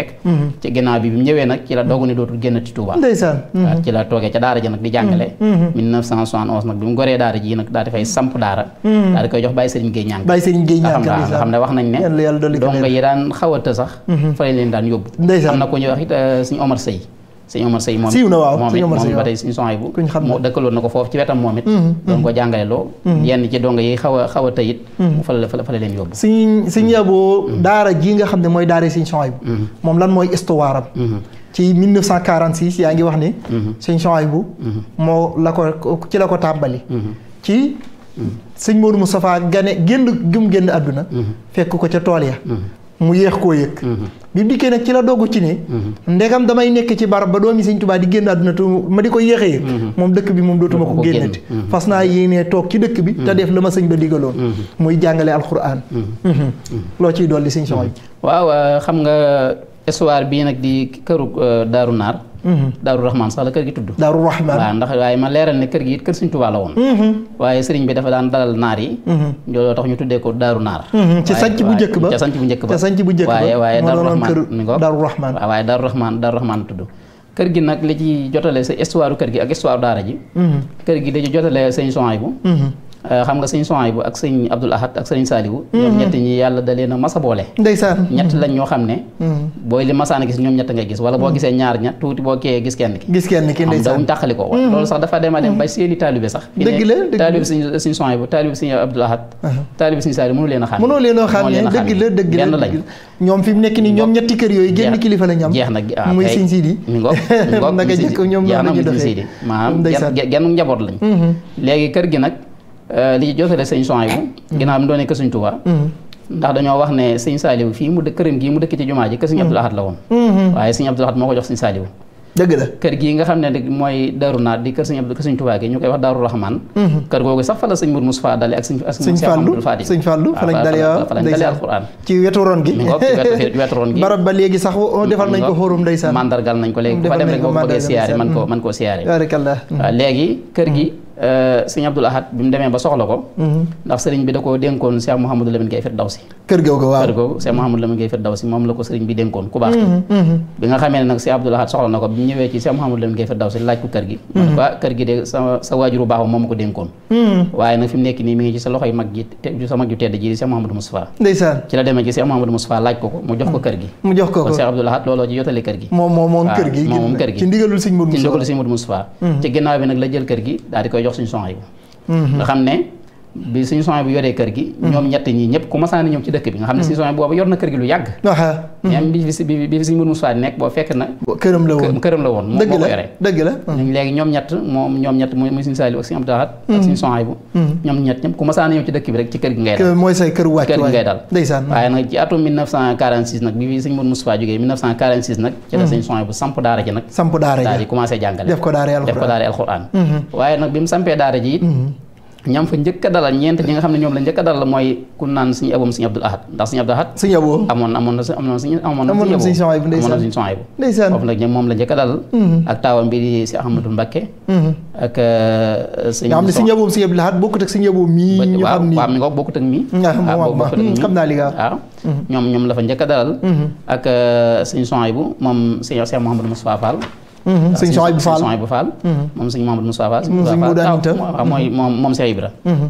fekk mm-hmm. ci ginnaaw bi bi mu ñëwee nag ci la dogu ni dootul génn ci Touba ndeysaan mm-hmm. ci la toogee ca daara ji nag di jàngale 1971 mm-hmm. nag bi mu goree daara ji nag daal di samp daara daal di koy jox Baye Serigne Gueye Niang Baye Serigne Gueye Niang nga xam ne wax nañ ne donga yi daan xaw a sax fa leen daan yóbbu am na ko ñuy wax it euh, Serigne Omar Seye sëñ Omar Sëy moom siiw na waaw moom it moom ba tey suñu soxay bu moo dëkkaloon na ko foofu ci wetam moom it mm-hmm. doon ko jàngale loo mm-hmm. yenn ci donga yi xaw a xaw a tëyit mm-hmm. mu fala fala fala leen yóbbu
sëñ sëñ yaboo daara ji nga xam ne mooy daara sëñ soxay bu moom lan mooy histoire am ci 1946 yaa ngi wax ni sëñ soxay bu moo la ko ci la ko tàmbali ci sëñ Modou Moustapha gane génn gum génn àdduna fekk ko ca tool ya mu yéex koo yëg mhm. bi dikkee nag ci la dogg ci ni
mhm.
ndegam damay nekk ci barab ba doomi sëñ Tuubaa di génn àdduna tu ma di ko yéex yëg mhm. moom dëkk bi moom dootuma ko génnati fas naa yéenee toog ci dëkk bi te def la ma sañ ba digaloon muy jàngale alxuraan loo ciy dolli sëñ Soxna
waaw xam nga histoire bii nag di këru euh, Daaru Naar daaru rahman sax la kër gi tudd daaru rahman waaw ndax waaye ma leeral ne kër gi it kër sëñ Tuubaa la woon
mhm.
waaye sëriñ bi dafa daan dalal naar yi mhm. looloo tax ñu tuddee ko daaru naar mhm. ci sanc bu njëkk ba ci sanc bu njëkk ba ci sanc bu njëkk ba waaye waaye daaru rahman mi ngo daaru rahman waaw waaye daaru rahman daaru rahman tudd kër gi nag li ci jotale sa histoire kër gi ak histoire daara ji kër gi da ci jotale sëñ Sohaybu Euh, xam nga sëñ Souhaïbou ak sëñ Abdoul Ahad ak sëñ Saliou mm-hmm. ñoom ñett ñi yàlla da leen a mas a boole ndeysaan ñett lañ ñoo xam ne mm-hmm. booy li masaan a gis ñoom ñett nga gis wala boo mm-hmm. gisee ñaar ña tuuti boo kee gis kenn ki gis kenn ki ndeysaan dawuñ a dem ba seeni taalibe la taalibe sëñ a a ñetti kër yooyu génn kilifa la jeex na ah, genn njaboot lañ léegi kër gi nag Euh, li ci jotale sëñ Souhaïbou mm-hmm. ginnaaw bi mu doonee kër sëñ Touba
mm-hmm.
ndax dañoo wax ne sëñ Saliou fii mu dëkk këram gii mu dëkk ci jumaa ji kër sëñ mm-hmm. Abdoul Ahad la woon waaye sëñ Abdoul Ahad moo ko jox sëñ Saliou dëgg la kër gii nga xam ne mooy Daaru Naat di kër sëñ Abdou kër sëñ Touba gi ñu koy wax Daaru Rahman kër googu sax fa la sëñ Mour Moussa dale ak sëñ Fallou Fati sëñ Fallou fa lañ dalee fa lañ dalee alquran
ci wetu ron gi ci wetu ron gi barab
ba léegi sax defal nañ ko xóorum ndeysaan mandargal nañ ko léegi fa Euh, sëñ Abdul Ahad bi mu demee ba soxla ko mhm. ndax sëriñ bi da koo dénkoon Cheikh Mouhamadou Lamine Gueye Firdawsi kër googu waaw kër googu Cheikh Mouhamadou Lamine Gueye Firdawsi moom la ko sëriñ bi dénkoon ku baax mhm, mhm. bi nga xamee ne nag sëñ Abdul Ahad soxla na ko bi mu ñëwee ci Cheikh Mouhamadou Lamine Gueye Firdawsi laaj ko kër gi waa ah, kër gi de sa sa waajuru baax moom ko dénkoon waaye nag fi mu nekk nii mi ngi sa loxoy mag ji sa mag ju tedd ji Cheikh Mouhamadou Moustapha ndeysaan ci la demee ci Cheikh Mouhamadou Moustapha laaj ko ko mu jox ko kër gi mu jox ko ko Cheikh Abdul Ahad looloo ci jotali kër gi
moom moom kër gi ci
ndigalul sëñ Modou Moustapha ci ginnaaw bi nag la jël jox suñu son yi
mm-hmm. nga xam ne
bi suñu soxna bu yoree kër gi mm-hmm. ñoom ñett ñi ñëpp ku masaan ñëw ci dëkk bi nga xam ne mm-hmm. suñu soxna boobu yor na kër gi lu yàgg ah, ah. Mm-hmm. même mu sampee daara ji it ñam fa njëkk a dalal ñeent ñi nga xam ne ñoom la njëkk a dalal mooy ku naan suñu aboom suñu abdul ahad ndax suñu abdul ahad suñu aboo amoon amoon na amoon na suñu amoon na suñu son abu amoon na suñu son abu a mm-hmm. mm-hmm. euh, abdul ahad bokkut ak suñu aboo mii waaw mi ngoog bokkut ak mii ah, waaw mm-hmm. ñoom la fa njëkk a dalal ak euh, suñu son abu moom suñu Cheikh Mouhamadou Moustapha Fall
sëñ Soxay a Fall
bu Fall mm-hmm. moom sëñ Mamadou Moussa Fall mm-hmm. waaw mooy mm-hmm. moom moom Cheikh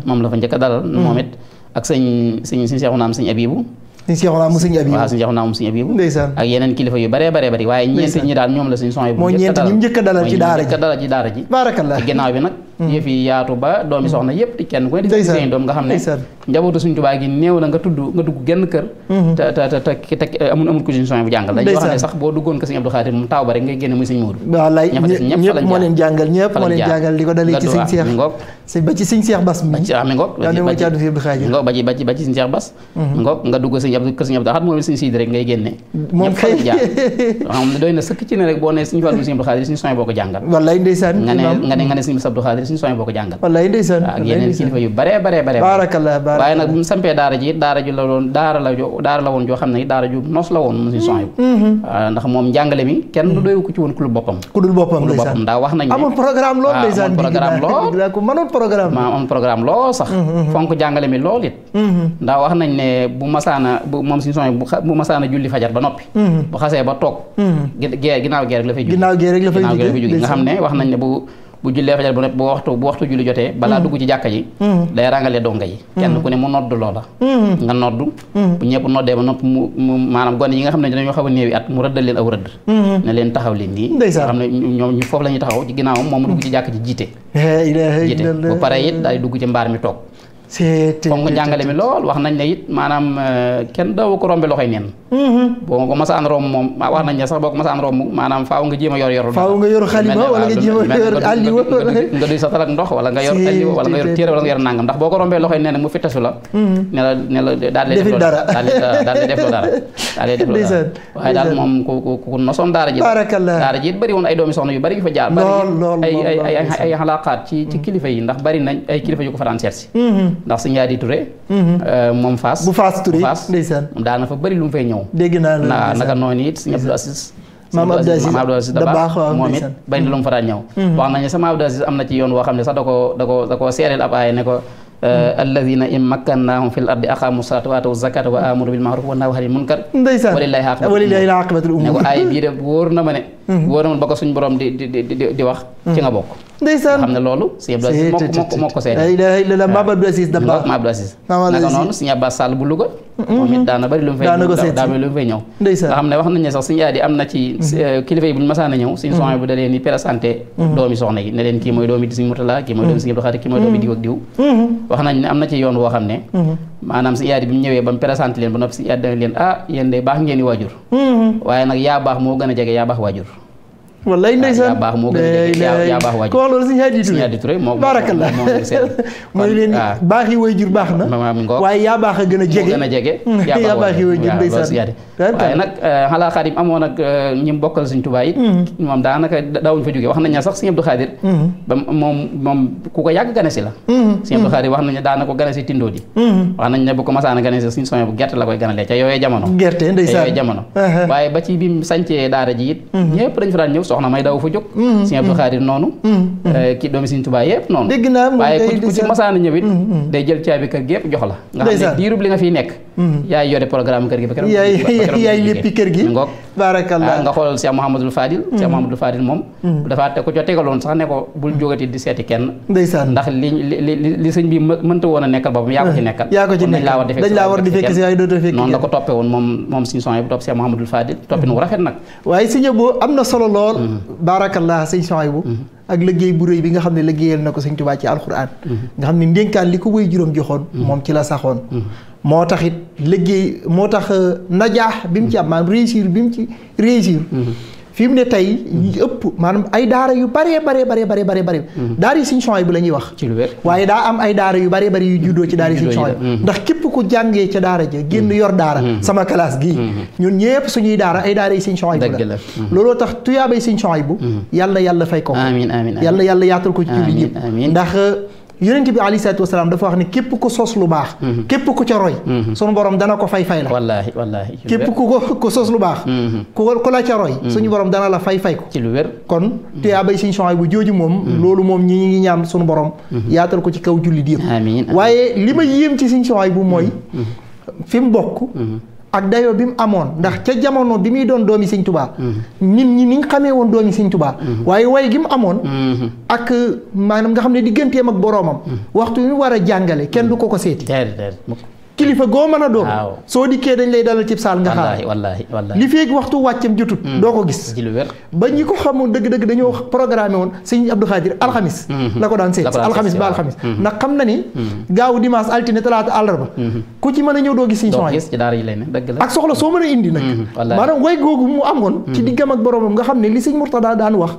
moom la fa njëkk a dalal moom it ak sëñ sëñ sëñ Cheikh Naam sëñ Abibou sëñ Cheikh Naam sëñ Abibou ak yeneen kilifa yu bare bare bari waaye ñeent ñi daal ñoom la sëñ Soxay a dalal mooy ñi njëkk a dalal ci daara ji ci bi nag Mm-hmm. yëf yi yaatu ba doomi mm-hmm. soxna yëpp di kenn ku ne di seen doom nga xam ne njabootu suñ tubaa gi néew na nga tudd nga dugg genn kër mm-hmm. te te te te amul amul ku suñ soxna bu jàngal dañu wax ne sax boo duggoon ko sëñ Abdou Khadir moom taaw ba rek ngay génne muy sëñ Moodu wallaay ñëpp moo leen
jàngal ñëpp
moo leen jàngal li ko dalee ci sëñ Seex ngoog ba ci sëñ Seex Bas mi ngoog ba ci Abdou Khadir ngoog ba ci ba ci ba ci sëñ Seex Bas ngoog nga dugg sëñ Abdou ko sëñ Abdou Khadir moom sëñ Siidi rek ngay génne moom kay xam ne doy na sëkk ci ne rek boo ne sëñ Fallu sëñ Abdou Khadir sëñ soxna boo ko jàngal wallaay ndeysaan nga ne nga ne sëñ Abdou Khadir suñu soñ boo ko jàngal wallaay ndeysaan ak yeneen kilifa yu bare bare bare baarakallah baarakallah waaye nag bu mu sampee daara ji daara la woon daara la jo daara la woon joo xam ne daara ju nos la woon mu suñu soñ mm-hmm. ah, ndax moom njàngale mi kenn julli mm-hmm. mm-hmm. ginnaaw gee la fay julli ginnaaw gee la fay julli nga xam ne wax nañ ne bu bu jullee fajar bu ne bu waxtu bu waxtu julli jotee balaa mm. dugg ci jàkka ji mm. day rangale donga yi mm. kenn ku ne mu nodd loola nga nodd bu ñëpp noddee ba nopp mu maanaam gone yi nga xam ne dañoo xaw a néewi at mu rëddal leen aw rëdd ne leen taxaw leen nii nga xam ne ñoom ñu foofu la ñuy taxaw ci ginnaawam moom mu dugg ci jàkka ji jiite jiite bu pare it daal di dugg ci mbaar mi toog kon ko jàngale mi lool wax nañ na it maanaam euh, kenn daawu ko rombe loxoy neen mm-hmm. boo ko masaan romb moom wax nañ ne sax boo ko masaan romb maanaam faaw nga jéem a nga yor xalima wala nga jéem a yor alliwa nga duy satal ak nga yor alliwa wala nga yor téere wala nga yor nangam ndax boo ko rombee loxoy neen mu fittasu la
mm-hmm. ne
la ne la daal lay def dara daal lay def dara daal lay def dara waaye daal moom ku ku nosoon daara ji daara ji it bëri woon ay doomi soxna yu bëri yu fa jaar ay ay ay xalaaqaat ci ci mm-hmm. kilifa yi ndax bëri nañ ay kilifa yu ko faranseer si ndax suñu yaay di Touré. Mhm. Euh, moom Fass bu Fass Touré ndeysaan moom daana fa bëri lu mu fay ñëw. dégg naa la ndeysaan naka noonu it suñu Abdou da baax moom it bëri na lu mu fa daan ñëw. Mhm. wax nañu ne sama Abdou Aziz am na ci yoon woo xam ne sax da koo da koo da koo seereel ab aaya ne ko. Mhm. Euh, alladina in makkannahum fi l ardi aqamu salata wa ataw zakata wa amuru bil maaruf wa nahaw anil munkar ndeysaan walillahi aqibatul umur ne ko aay bii de na ma ne wóor na ma ba ko suñ borom di di di di wax ci nga bokk ndeysaan xam ne loolu sëñ Abdou Aziz moo ko moo ko seet
a Abdou Aziz da baax maam
Abdou Aziz naka noonu sëñ Abbas Sall bu Louga mm-hmm. moom it daana bari lu mu fay ñëw ndeysaan xam ne wax nañ ne sax sëñ Yaadi am na ci mm-hmm. eh, kilifa yi bu ñu masaana ñëw sëñ soxna mm-hmm. bu da leen doomi soxna yi ne leen kii mooy doomi sëñ Murtala kii mooy kii mooy doomi diw ak diw wax nañ ne am na ci yoon woo xam ne maanaam sëñ Yaadi bi mu ñëwee ba mu présenté leen ba noppi sëñ Yaadi dana leen ah yéen de baax ngeen di waajur a wallaay ah, ndeysaan yaa baax moo gën a yaa baax waaj ko wax loolu sëñ Hadi Touré sëñ Hadi Touré moo ah. na waaye yaa baax a gën a jege gën a jege yaa baax yi way jur ndeysaan waaye nag eh, xalaa xaadim amoon ak eh, ñi bokkal suñ tubaay it mm-hmm. moom daanaka daawuñ fa jógee wax nañ ne sax sëñ Abdou Khadir mm-hmm. ba moom moom ku ko yàgg ganesi la
mm-hmm. sëñ Abdou Khadir
wax nañ ne daanaka ko ganesi tindoo di wax nañ ne bu ko masaana ganesi suñ somé bu gerte la koy ganalee ca yooyee jamono gerte ndeysaan yooyee jamono uh-huh. waaye ba ci bi mu sancee daara ji it ñëpp dañ fa daan ñëw soxna may daw fa jóg mm-hmm. sëñ Abdou mm-hmm. Khadir noonu mm-hmm. eh, kii doomi sëñ Tuubaa yëpp noonu dégg naa waaye ku ci masaana ñëwit day jël caabi kër gi yëpp jox la nga xam ne diirub li nga fiy nekk yaay yore programme kër gi ba yaay léppi kër gi baarakallah ah, nga xoolal Cheikh Mouhamadul Fadil mm-hmm. Cheikh Mouhamadul Fadil moom mm-hmm. dafa te ko co tegaloon sax ne ko bul jógati di seeti kenn ndeysaan ndax li li li sëñ mënta woon a nekkal boppam yaa ko ci eh, ci nekkal dañ noonu la ko toppe woon moom moom suñu bu topp Cheikh Mouhamadul Fadil mm-hmm. toppin wu rafet nag
waaye sëñ bu am na solo lool baarakallah sëñ son bu ak liggéey bu réy bi nga xam ne liggéeyal na ko sëñ Tuubaa ci alxuraan nga xam ne ndénkaan li ko wéy juróom joxoon moom moo tax it liggéey moo tax euh, najaax bi mu ci am mm-hmm. maanaam réussir bi mu ci réussir. Mm-hmm. fi mu ne tey ñu mm-hmm. ëpp maanaam ay daara yu baree bare baree baree bare baree. daara yi suñu son bu la ñuy wax. ci lu waaye daa am ay daara yu baree bari yu juddoo ci daara yi suñu son yi ndax képp ko jàngee ca daara ja génn yor daara. sama classe gi ñun ñëpp suñuy daara ay daara yi suñu son yi bu la. la looloo tax tuyaabay suñu son yi bu. yàlla yàlla fay ko. amiin yàlla yàlla yaatal ko ci julli ñëpp ndax. Euh, yonent bi alayhi salaatu wasalaam dafa wax ne képp ku sos lu baax mhm. képp ku ca roy mhm. suñu borom dana ko fay-fay la
wallaahi wallaahi
képp ku ko ku sos lu baax mhm. ku ku la ca roy suñu borom dana la fay-fay ko ci lu wér kon te abay siñ soxay bu jooju moom loolu moom ñi ngi ñaan suñu borom yaatal ko ci kaw julli di yëpp waaye li ma yéem ci siñ soxay bu mooy fi mu bokk ak dayoo bi mu amoon ndax ca jamono bi muy doon doomi Sëñ Tuubaa nit ñi niñ xamee woon doomi Sëñ Tuubaa mhm. waaye way gi mu amoon mhm. ak maanaam nga xam ne digganteem ak boroomam mhm. waxtu wi mu war a jàngale kenn du ko ko seeti kilifa goo mën a doon soo dikkee dañ lay dalal cib saal nga xaar
wallaahi wallaahi li
feeg waxtu wàccam jotut hmm. doo ko gis ba ñi ko xamoon dëgg-dëgg dañoo programmé woon sëñ Abdou Khadir alxamis hmm. la ko daan seet alxamis ba alxamis hmm. ndax na ni gaaw dimanche altine talaata àllarba ku ci mën
a ak
soxla soo mën a indi nag maanaam way googu mu amoon ci diggam ak boromam nga xam ne li sëñ Murtada daan wax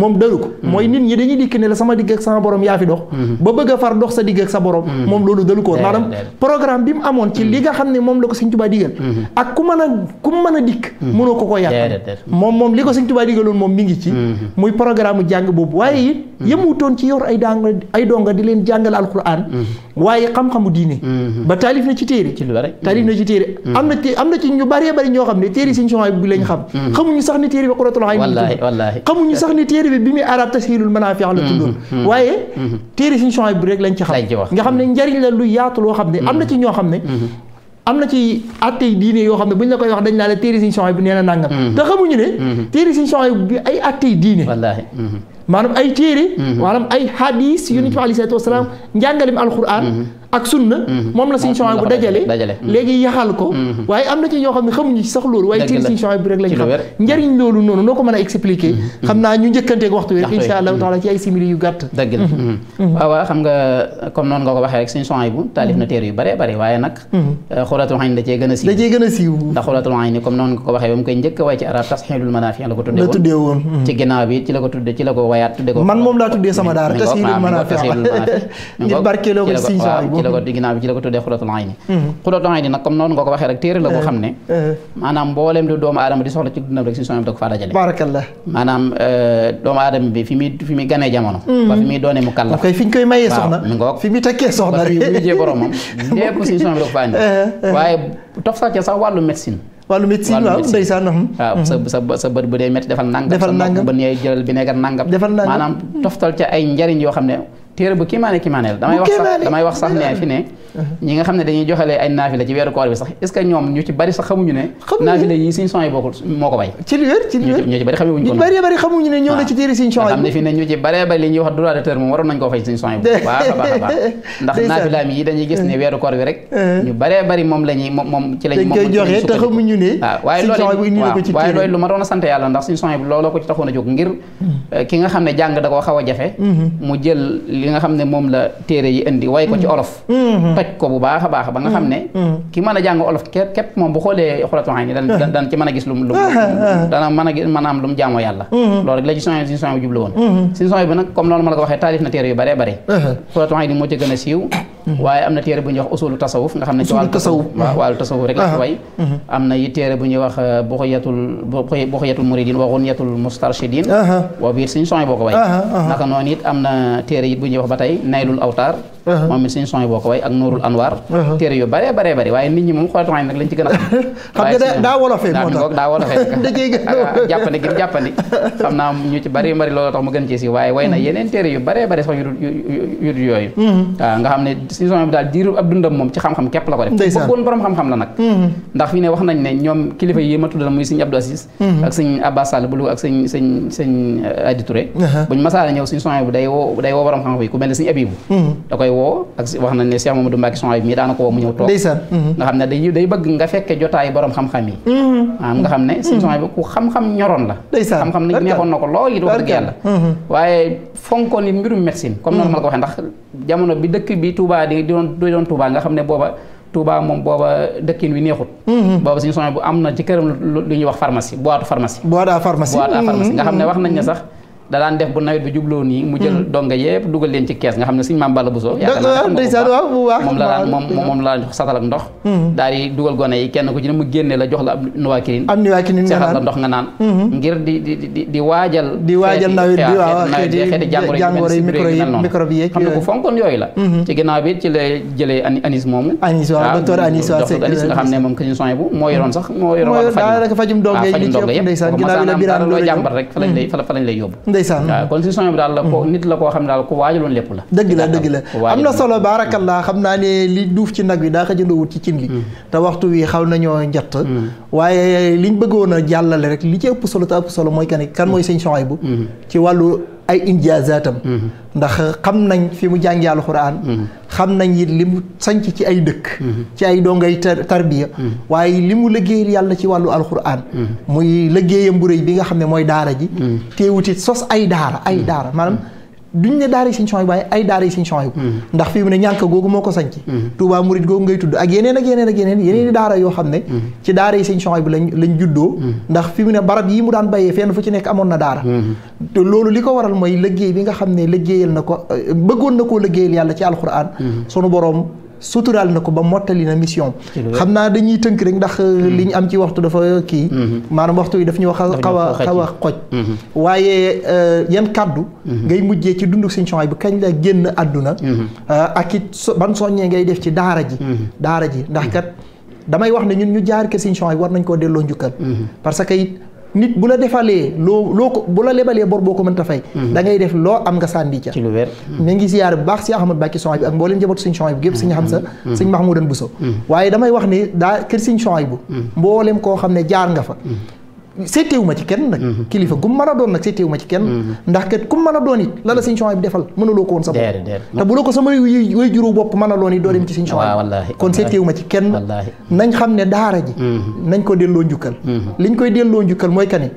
moom dalu ko mooy nit ñi dañuy dikk ne la sama digg ak sama borom yaa fi dox ba bëgg a far dox sa digg ak sa borom moom loolu dalu ko maanaam programme mu amoon ci li nga xam ne moom la ko sëñ Tuubaa digal mm-hmm. ak ku mën a ku mën a dikk mm-hmm. mënoo ko ko yàq moom moom li ko sëñ Tuubaa digaloon moom mi ngi ci mm-hmm. muy programme jàng boobu waaye it Mm-hmm. yemutoon ci yor ay danga ay donga di leen jàngal alquran mm-hmm. waaye xam-xamu diine mm-hmm. ba taalif na ci téere taalif na ci téere am na am na ci ñu bëree bëri ñoo xam ne téere Sëriñ Suhaybu bi lañ xam xamuñu sax ne téere bi Qurratul Ayni wallaahi wallaahi xamuñu sax ne téere bi bi muy arab tashilul manaafi' la tuddoon waaye téere Sëriñ Suhaybu nga xam ne njariñ la lu yaatu loo xam ne am na ci ñoo xam ne am na ci atte diine yoo xam ne bu ñu la koy wax dañ naa la téere Sëriñ bi nee na nangam te xamuñu ne téere Sëriñ Suhaybu bi ay atte diine maanaam ay téere mhm. maanaam ay hadis yu nit bi alayhi salaatu wasalaam mhm. njàngalim alquran mhm. ak sunna moom la suñu changement bu dajale léegi yaxal ko waaye am na ci ñoo xam ne xamuñu ci sax loolu waaye téere suñu changement bi rek lañu xam
njariñ loolu noonu noo ko mën a expliquer xam naa rek la waaw waaw xam nga comme noonu nga ko waxee rek suñu changement bu taalif na téere yu bare bare waaye nag euh, xuratul ayn da cee gën a siiw da cee gën a siiw ndax xuratul ayn ni comme noonu nga ko waxee ba mu koy njëkk waaye ci arab tasxiilul manaafi la ko tuddee woon ci ginnaaw bi ci la ko tuddee wayaat tudde ko man moom laa tuddee
sama daara tasxiilul manaafi
ngir barkeeloo a ci la ko ginnaaw bi ci la ko tuddee xulatul ayni mhm. xulatul ayni nag comme noonu rek téere la eh, xam ne eh. maanaam mbooleem lu doomu aadama di soxla ci dundam da ko faa dajale barakallah maanaam eh, doomu aadama bi fi muy fi muy ganee jamono mhm. ba fi muy doonee mu kàllaf kay fi ñu koy mayee soxna mi ngoog fi muy takkee soxna ba fi muy mujjee boromam lépp Sëriñ Souhaïbou da ko faa indi waaye toftal ca sax wàllu médecine wàllu médecine waaw ndeysaan mhm. waaw sa mhm. sa sa bët bu dee métti defal nangam defal nangam ba nee jëlal bi nekkal nangam defal nangam maanaam toftal ca ay njariñ yoo xam ne téere bu kiimaane kiimaane la damay wax sax damay wax sax ne fi ne ñi nga xam ne dañuy joxalee ay naafila ci weeru koor bi sax est ñoom ñu ci bari sax xamuñu ne naafila yi suñu son yi moo ko fay a a baax ndax naafilaam yi dañuy gis ne eh. weeru koor bi rek eh. ñu bari bari moom la moom ci lañ moom koy joxe te ne waaw waaye loolu lu ma doon sant yàlla ndax suñu son yi looloo ko ci taxoon a jóg ngir mm-hmm. eh, ki nga xam ne jàng da koo xaw a jafe mm-hmm. mu jël li nga xam ne moom la téere yi indi way ko ci mm-hmm. olof toj ko bu baax a baax ba nga xam ne mm. Mm. ki mën a jàng olof képp képp moom bu xoolee xuratu a dan mm. dan ci mën a gis lum lum ah, ah, ah. dana mën a gis mën a am yàlla loolu rek la ci soñ suñu soñ bu jublu woon suñu soñ bi nag comme loolu ma la waxee taalif na téere yu bare bare xuratu ayni moo ci gën a siiw Mm-hmm. waaye am na téere bu ñuy wax usulu tasawuf nga xam ne ci wàllu tasawuf waaw wàllu tasawuf rek la ci mm-hmm. bu ñuy wax euh, buxyatul buxyatul muridin wa gunyatul mustarshidin boo biir suñu songi boo ko way naka noonu it am na téere it bu ñuy wax ba tey naylul awtaar moom it suñu songi boo ko way ak nuurul anwar téere yu bare bare bare waaye nit ñi moom xoolatuwaay lañ ci a xam nga daa wolofee jàppandi jàppandi xam naa ñu ci bari bari loolu tax mu gën ci si waaye way na mm-hmm. yeneen téere yu bare bare sax yu yooyu suñu soxna bi daal diiru ab moom ci xam-xam képp la ko def bëggoon borom xam-xam la nag mm-hmm. ndax fi ne wax nañ ne ñoom kilifa yi ma tuddal muy sëñ Abdou Aziz mm-hmm. ak sëñ Abba Sall bu Louga ak sëñ sëñ sëñ euh, Adi Touré uh-huh. buñ masaala ñëw suñu soxna bi day woo day woo borom xam-xam yi ku mel ne sëñ Abibu mm-hmm. da koy woo ak wax nañ ne Cheikh Mamadou Mbacke soxna bi mii daana ko woo mu ñëw toog nga xam ne day day bëgg nga fekke jotaay borom xam-xam yi am nga xam ne sëñ soxna bi ku xam-xam ñoroon la xam-xam na neexoon na ko lool yi wax dëgg yàlla waaye fonkoon yi di doon di doon Touba nga xam ne booba Touba moom booba dëkkin wi neexut mm-hmm. booba suñu soñ bu am na ci këram lu ñuy wax pharmacie boîte pharmacie boîte à pharmacie nga xam ne mm-hmm. wax nañ ne sax da daan def bu nawet bi jubloo nii mu jël hmm. donga yëpp dugal leen ci kees nga xam ne suñu maam Balla Bousso moom la moom la daan jox satal ak ndox hmm. yi kenn ku ci ne mu la jox la am nuwaakirin am nuwaakirin seexal la ndox nga naan hmm. ngir di di di di waajal di waajal nawet bi waaw xeeti xeeti jàngoro yi microbe yi xam ne ku la ci ginnaaw bi ci la jëlee anis moomu anis waaw ah, docteur anis waaw anis nga xam ne moom këñu soin bu ah, la biraan jàmbar rek fa lay yóbbu ndeysaan waaw constitution bi daal la ko hmm. nit la koo xam ne daal ku waajaloon lépp la dëgg la dëgg la am na solo
baarakallaa xam naa ne li duuf ci nag wi daa xëjandowut ci cin li hmm. te waxtu wi xaw nañoo njatt hmm. waaye liñ bëggoon a jàllale rek li ci ëpp solo te ëpp solo mooy kan kan mooy sëñ Souhaïbou ci wàllu ay injaazatam mm-hmm. ndax xam nañ fi mu jàngee alxuraan mm-hmm. xam nañ it li mu sanc ci ay dëkk mm-hmm. ci ay dongay tarbiya waaye li mu liggéeyal yàlla ci wàllu alxuraan muy liggéeyam bu bi nga xam ne mooy daara ji teewutit sos ay daara ay daara duñ ne daara yi Serigne Souhaïbou waaye ay daara yi Serigne Souhaïbou mm-hmm. ndax fi mu ne ñànk googu moo ko sañc mm-hmm. Touba Mouride googu ngay tudd ak yeneen ak yeneen ak yeneen yeneen mm-hmm. daara yoo xam ne ci daara yi Serigne Souhaïbou lañ lañ juddoo ndax fi mu ne barab yi mu daan béyee fenn fu ci nekk amoon na daara
te
loolu li ko waral mooy liggéey bi nga xam ne liggéeyal na ko bëggoon na koo liggéeyal yàlla ci alxuraan sunu boroom sutural na ko ba mottali na mission xam naa dañuy tënk rek ndax euh, hmm. li ñu am ci waxtu dafa kii hmm. maanaam waxtu yi daf ñu wax xaw a xaw a xoj hmm. waaye euh, yan kàddu ngay mujjee ci dundu sëñ Souhaïbou bu kañ la génn àdduna euh, ak it ban soññee ngay def ci daara ji daara ji ndax kat damay wax ne ñun ñu jaar ke sëñ Souhaïbou war nañ koo delloo njukkal parce que it nit bu la defalee loo loo ko bu la lebalee bor boo ko mënta fay mhm. da ngay def loo am nga sànni ca mi mhm. ngi ziyaar bu baax si Ahmad Bàkki bi ak mbooleem njabootu Sëñ Sohaybu gépp Sëñ Hamza mhm. Sëñ Mahmoudan Bousso waaye damay wax ni daa kër Sëñ Sohaybu mbooleem koo xam ne jaar nga fa seeteewuma ci kenn nag mhm. kilifa gum mën a doon nag seeteewuma ci kenn mhm. ndax kat kum mën a doon it la la sëñ Chouaib defal mënuloo ko woon sa bopp te bu la ko sama way juru bopp mën a doon it doo dem ci sëñ
Chouaib
kon seeteewuma ci kenn nañ xam ne daara mhm. nañ ko delloo njukkal liñ koy delloo njukkal mooy kane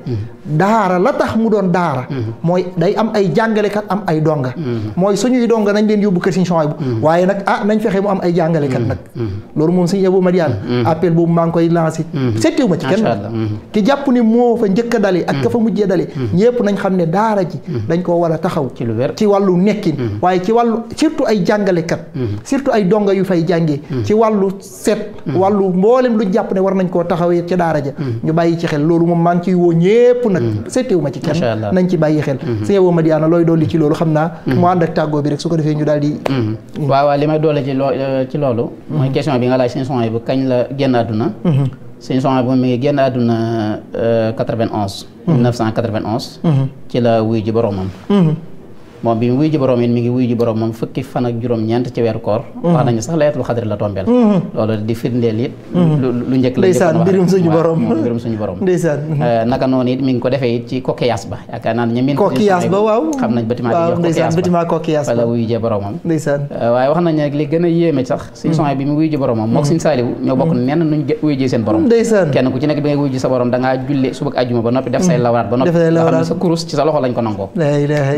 daara la tax mu doon daara mooy day am ay jàngalekat am ay donga mooy suñuy donga nañ leen yóbbu kër sëñ Chouaib bu waaye nag ah nañ fexe mu am ay jàngalekat nag loolu moom sëñ Abou Madiane appel boobu maa ngi koy lancé seeteewuma ci kenn ki jàpp ne moo fa njëkk a dali ak ka fa mm. mujjee dali mm. ñëpp nañ xam ne daara ji mm. dañ koo war a taxaw ci lu wér ci wàllu nekkin waaye ci wàllu surtout ay jàngalekat surtout ay donga yu fay jàngee ci wàllu set wàllu mboolem lu jàpp ne war nañ koo taxawee ci daara ja ñu bàyyi ci xel loolu moom maa ngi woo ñëpp nag seetewu ci kenn nañ ci bàyyi xel mm-hmm. sëñ Abo Madiyana looy dolli ci loolu xam naa mm-hmm. mu ànd ak tàggoo bi rek su ko defee ñu daal di
mm-hmm. waaw waaw li may doole ci loo loolu mooy bi nga laaj seen son bu kañ la génn àdduna sëñ a bu mi ngi génn àdduna 91. Euh, 1991. Mm-hmm. Mm-hmm. ci la wuy ji boromam. Mm-hmm. moom bi mu wuy ji borom it mi ngi wuy ji borom moom fukki fan ak juróom-ñeent ci weeru koor mhm. wax nañu sax layetul xadri la tombeel mhm. mhm. lu njëkk la ndeysaan a yéeme ku ci da ngaa julli subak ajuma ko nangoo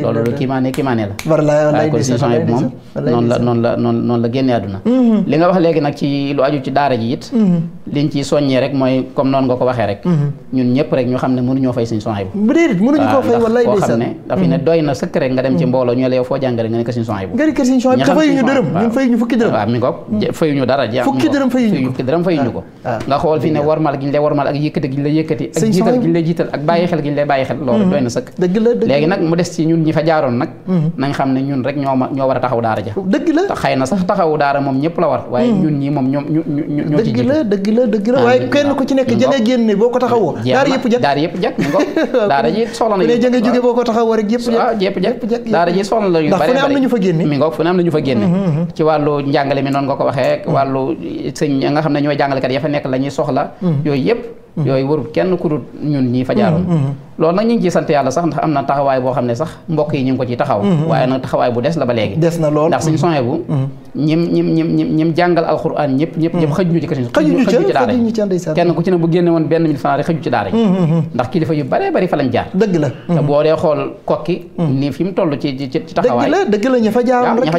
loolu kiimaa kiimaane a waaw kon si songe bi moom noonu la noonu la noonu la génne àdduna mm-hmm. li nga wax léegi nag ci lu aju ci daara ji it mm-hmm. liñ ci soññee rek mooy comme noonu nga ko waxee rek mm-hmm. ñun ñëpp rek ñu xam ne mënuñoo fay suñu soñ bu déedéet mënuñu koo fay walaay koo xam ne dafa ne mm-hmm. doy na sëkk rek nga dem ci mm-hmm. mbooloo ñu la yow foo jàngale nga ne ko suñu soñ bu nga ne ko suñu soñ bu te fayuñu dërëm ñun fayuñu fukki dërëm waaw mi ngoog fayuñu dara jeex fukki dërëm fayuñu fukki dërëm fayuñu ko ah, ah. nga xool fi ne warmal gi ñu lay warmal ak yëkkati gi ñu lay yëkkati ak jiital gi ñu lay jiital ak bàyyi xel gi ñu lay bàyyi xel loolu doy na sëkk dëgg la léegi nag mu des ci ñun ñi fa jaaroon nag nañ xam ne ñun rek ñoo ma ñoo war a taxaw daara ja dëgg la xëy na sax taxaw daara moom ñëpp la war waaye ñun ñi moom ñoo ci
jiitu la dëgg la waaye kenn ku ci nekk jëlee génne boo ko taxawoo daara
yëpp jag daara yëpp jag ji soxla na ko taxawoo rek yëpp ah, yëpp jag daara ji yu bari ndax fa génne mi ngoog fu ne am nañu fa génne mm-hmm, mm-hmm. ci wàllu njàngale mi noonu nga ko waxee mm-hmm. wàllu sëñ nga xam ne ñooy jàngalekat ya fa nekk la ñuy soxla yooyu yëpp yooyu warul kenn ku dul ñun ñii fa loolu nag ñu ngi sant yàlla sax ndax am na taxawaay boo xam ne sax mbokk yi ñu ngi ko ciy taxaw mm-hmm. waaye nag taxawaay bu des ba léegi des na lool ndax suñu mm-hmm. ñëpp ñëpp ñëpp mm-hmm. xëjuñu ci kër xëjuñu ci daara kenn ku ci ne bu génne woon benn mille franc la te boo dee xool kokki ni fi mu la dëgg la ña fa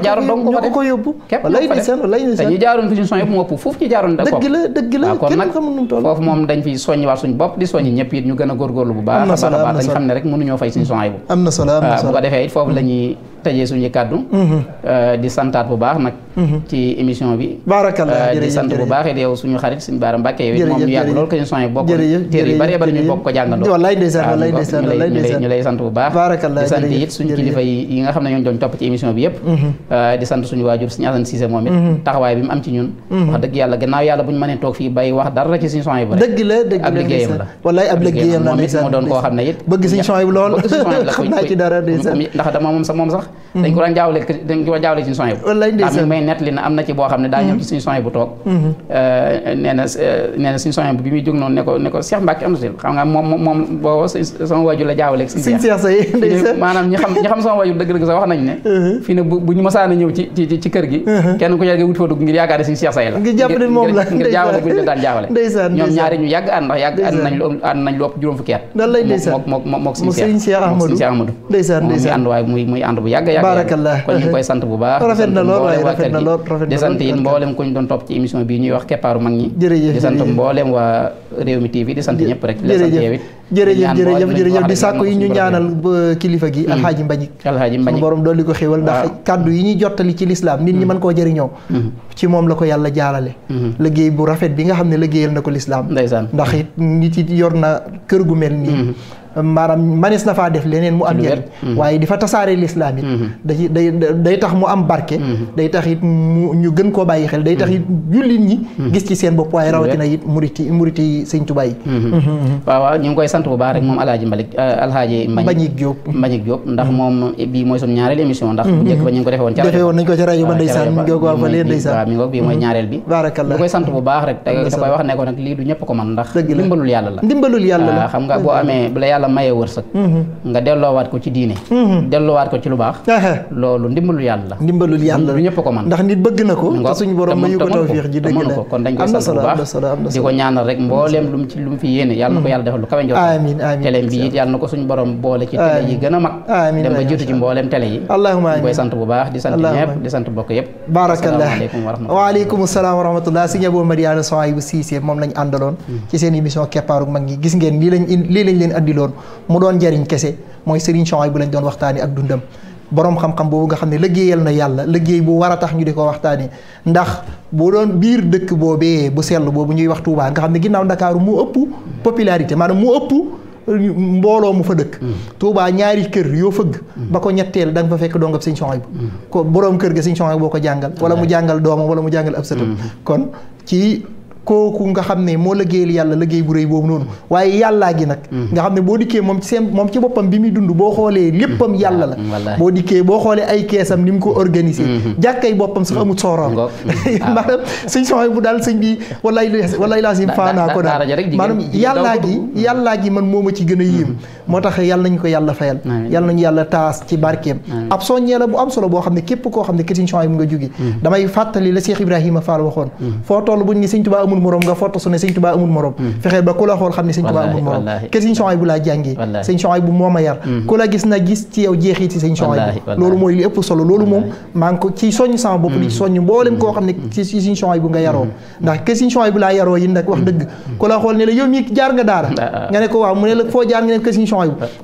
jaaroon
rek ko ko yóbbu
foofu la dëgg la kon nag foofu moom dañ fi soññ waat suñu bopp di soññ ñëpp it ñu gën a góorgóorlu bu baax solo am na solo xam ne rek mënuñoo fay suñu soxay bu am na solo am euh, defee it foofu la ñuy suñu kàddu mhm. euh, di santaat bu baax nag Mhm. ci émission bi baarakallah euh, di sant bu baax yow suñu xarit suñu baara Mbàkke yow moom ñu yàgg lool ko ñu soñé bokk bokk ko jàngandoo bu baax di sant it suñu mhm. euh, moom it mhm. taxawaay bi mu am ci ñun bu ñu mënee moom sax moom ko daan jaawale dañ ko daan jaawale suñu nettali na am na ci boo xam ne daa ñëw ci mm-hmm. suñu soñ bu toog mm-hmm. euh, nee na euh, nee na suñu soñ bu bi muy jóg noonu ne ko ne ko Cheikh Mbacke am xam nga moom moom booba sama waajur la jaawaleeg suñu Cheikh say maanaam ñi xam ñi xam sama waajur dëgg-dëgg sax wax nañ ne mm-hmm. fii ne bu ñu masaan a ñëw ci ci ci kër gi kenn ku ci wut fa dugg ngir yaakaar ne suñu Cheikh say la ngir jàpp ne moom la ngir jaawale bu ñu daan jaawale ñoom ñaari ñu yàgg ànd ndax yàgg ànd nañ lu ànd nañ lu ëpp juróom fukki at mook mook mook suñu Cheikh Ahmadou Cheikh Ahmadou ndeysaan ndeysaan ànd waaye muy muy ànd bu yàgg yàgg barakallah kon ñu koy sant bu baax rafet na lool waaye rafet na lool rafet na lool sant it mboolem kuñ doon topp ci émission bii ñuy wax keppaaru mag ñi jërëjëf di sant mboolem waa réew mi TV di sant ñëpp rek di
la di sàkku yi ñu ñaanal ba kilifa gi mm-hmm. alxaaji mbañik alxaaji mbañik borom doon li ko xéwal ndax kàddu yi ñuy jottali ci lislaam nit ñi man mm-hmm. koo jëriñoo mm-hmm. ci moom la ko yàlla jaarale liggéey bu rafet bi nga xam ne liggéeyal na ko lislaam ndax it nit yi yor na kër gu mel nii maanaam manis na faa def leneen mu am njëriñ mhm. waaye di fa tasaare lislaam it mhm. day day day tax mu am barke mhm. day tax it mu ñu gën ko bàyyi xel day tax it jullit ñi gis ci seen bopp waaye
ngi koy sant bu baax rek moom alaaji ba ñu ko defee woon ca defee woon nañ ko ca rajo ba ndeysaan mi ngoog waaw fa leen ndeysaan waaw mi ngoog bii mooy ñaareel bi baarakallah koy wax ne ko nag lii du ñëpp ko man ndax ndimbalul yàlla la ndimbalul yàlla la ah, xam nga boo amee bu la yàlla yàlla maye wërsëg mm-hmm. nga delloowaat ko ci diine mm-hmm. delloowaat ko ci lu baax loolu ndimbalul yàlla ndimbalul yàlla du ñëpp ko man ndax nit bëgg na ko te suñu borom mayu ko tawfiix ji dëgg la ko kon dañ koy sant bu baax di ko ñaanal rek mbooleem lu mu ci lu mu fi yéene yàlla na ko mm-hmm. yàlla defal lu kawe njort amiin amiin teleem bi it yàlla na ko suñu borom boole ci télé yi gën a mag amiin dem ba jiitu ci mbooleem télé yi allahumma amiin koy sant bu baax di sant ñëpp di sant bokk yëpp baarakallah
waaleykum salaam wa rahmatullah sëñ Abou Mariama Souhaïbou Cissé moom lañ àndaloon ci seen émission keppaaru mag ñi gis ngeen lii lañ leen andiloon mu doon njariñ kese mooy Serigne Souhaïbou bu lañ doon waxtaanee ak dundam borom xam-xam boobu nga xam ne liggéeyal na yàlla liggéey bu war a tax ñu di ko waxtaanee ndax boo doon biir dëkk boobee bu sell boobu ñuy wax tuubaa nga xam ne ginnaaw Ndakaaru mu ëpp popularité maanaam mu ëpp mbooloo mu fa dëkk mm. Touba ñaari kër yoo fëgg ba ko ñetteel da nga fa fekk dongab Serigne Souhaïbou mm. ko borom kër ga sëñ Souhaïbou boo ko jàngal wala mu mm. jàngal doomam wala mu jàngal ab sëtam kon kooku nga xam ne moo liggéeyal yàlla liggéey bu réy boobu noonu waaye yàllaa gi nag mm-hmm. nga xam ne boo dikkee moom ci seen moom ci boppam bi muy dund boo xoolee léppam mm-hmm. yàlla la ah, boo dikkee boo xoolee ay ko organisé mm-hmm. jàkkay boppam sax amut sooroor ah. maanaam sëñ soxoy bu daal sëñ bi wallaay moo ma ci gën a moo tax yàlla nañ ko yàlla fayal yàlla nañu yàlla taas ci barkeem ab soññee la bu am solo boo xam ne képp koo xam ne kër sëñ soxoy mu nga jóge damay amul morom nga forte su ne sëñ Tuubaa amul morom hmm. fexeel ba ku la xool xam ne sëñ Tuubaa amul morom ke sëñ Suwaybu bu laa jàngee sëñ Suwaybu bu moom a yar hmm. ku la gis na gis ci yow jeexit ci sëñ Suwaybu bu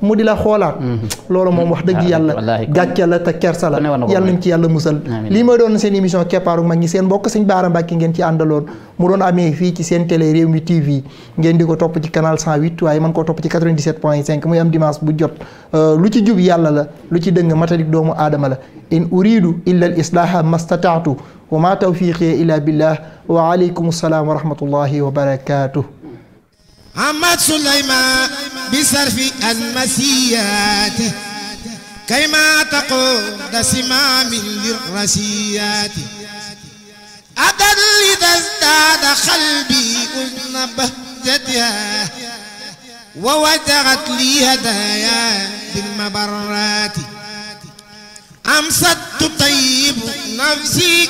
loolu moom wax dëgg ah, yàlla gàcce la te kersa la yàlla nañ ci yàlla musal lii mooy doon seen émission keppaaru mag ñi seen mbokk sëñ Baara ngeen ci àndaloon mu doon amee amee fii ci seen télé réew mi TV ngeen di ko topp ci canal 108 waaye mën koo topp ci 97 point 5 muy am dimanche bu jot euh, lu jub yàlla la lu ci doomu aadama in uridu illa al islaaha mastataatu wa ma tawfiqi ila billah wa aleykum salaam wa rahmatullahi wa barakatuh
Ahmad Sulayman bi sarfi an أدل إذا ازداد قلبي أذن بهجتها ووجهت لي هدايا بالمبرات أمسدت طيب نفسي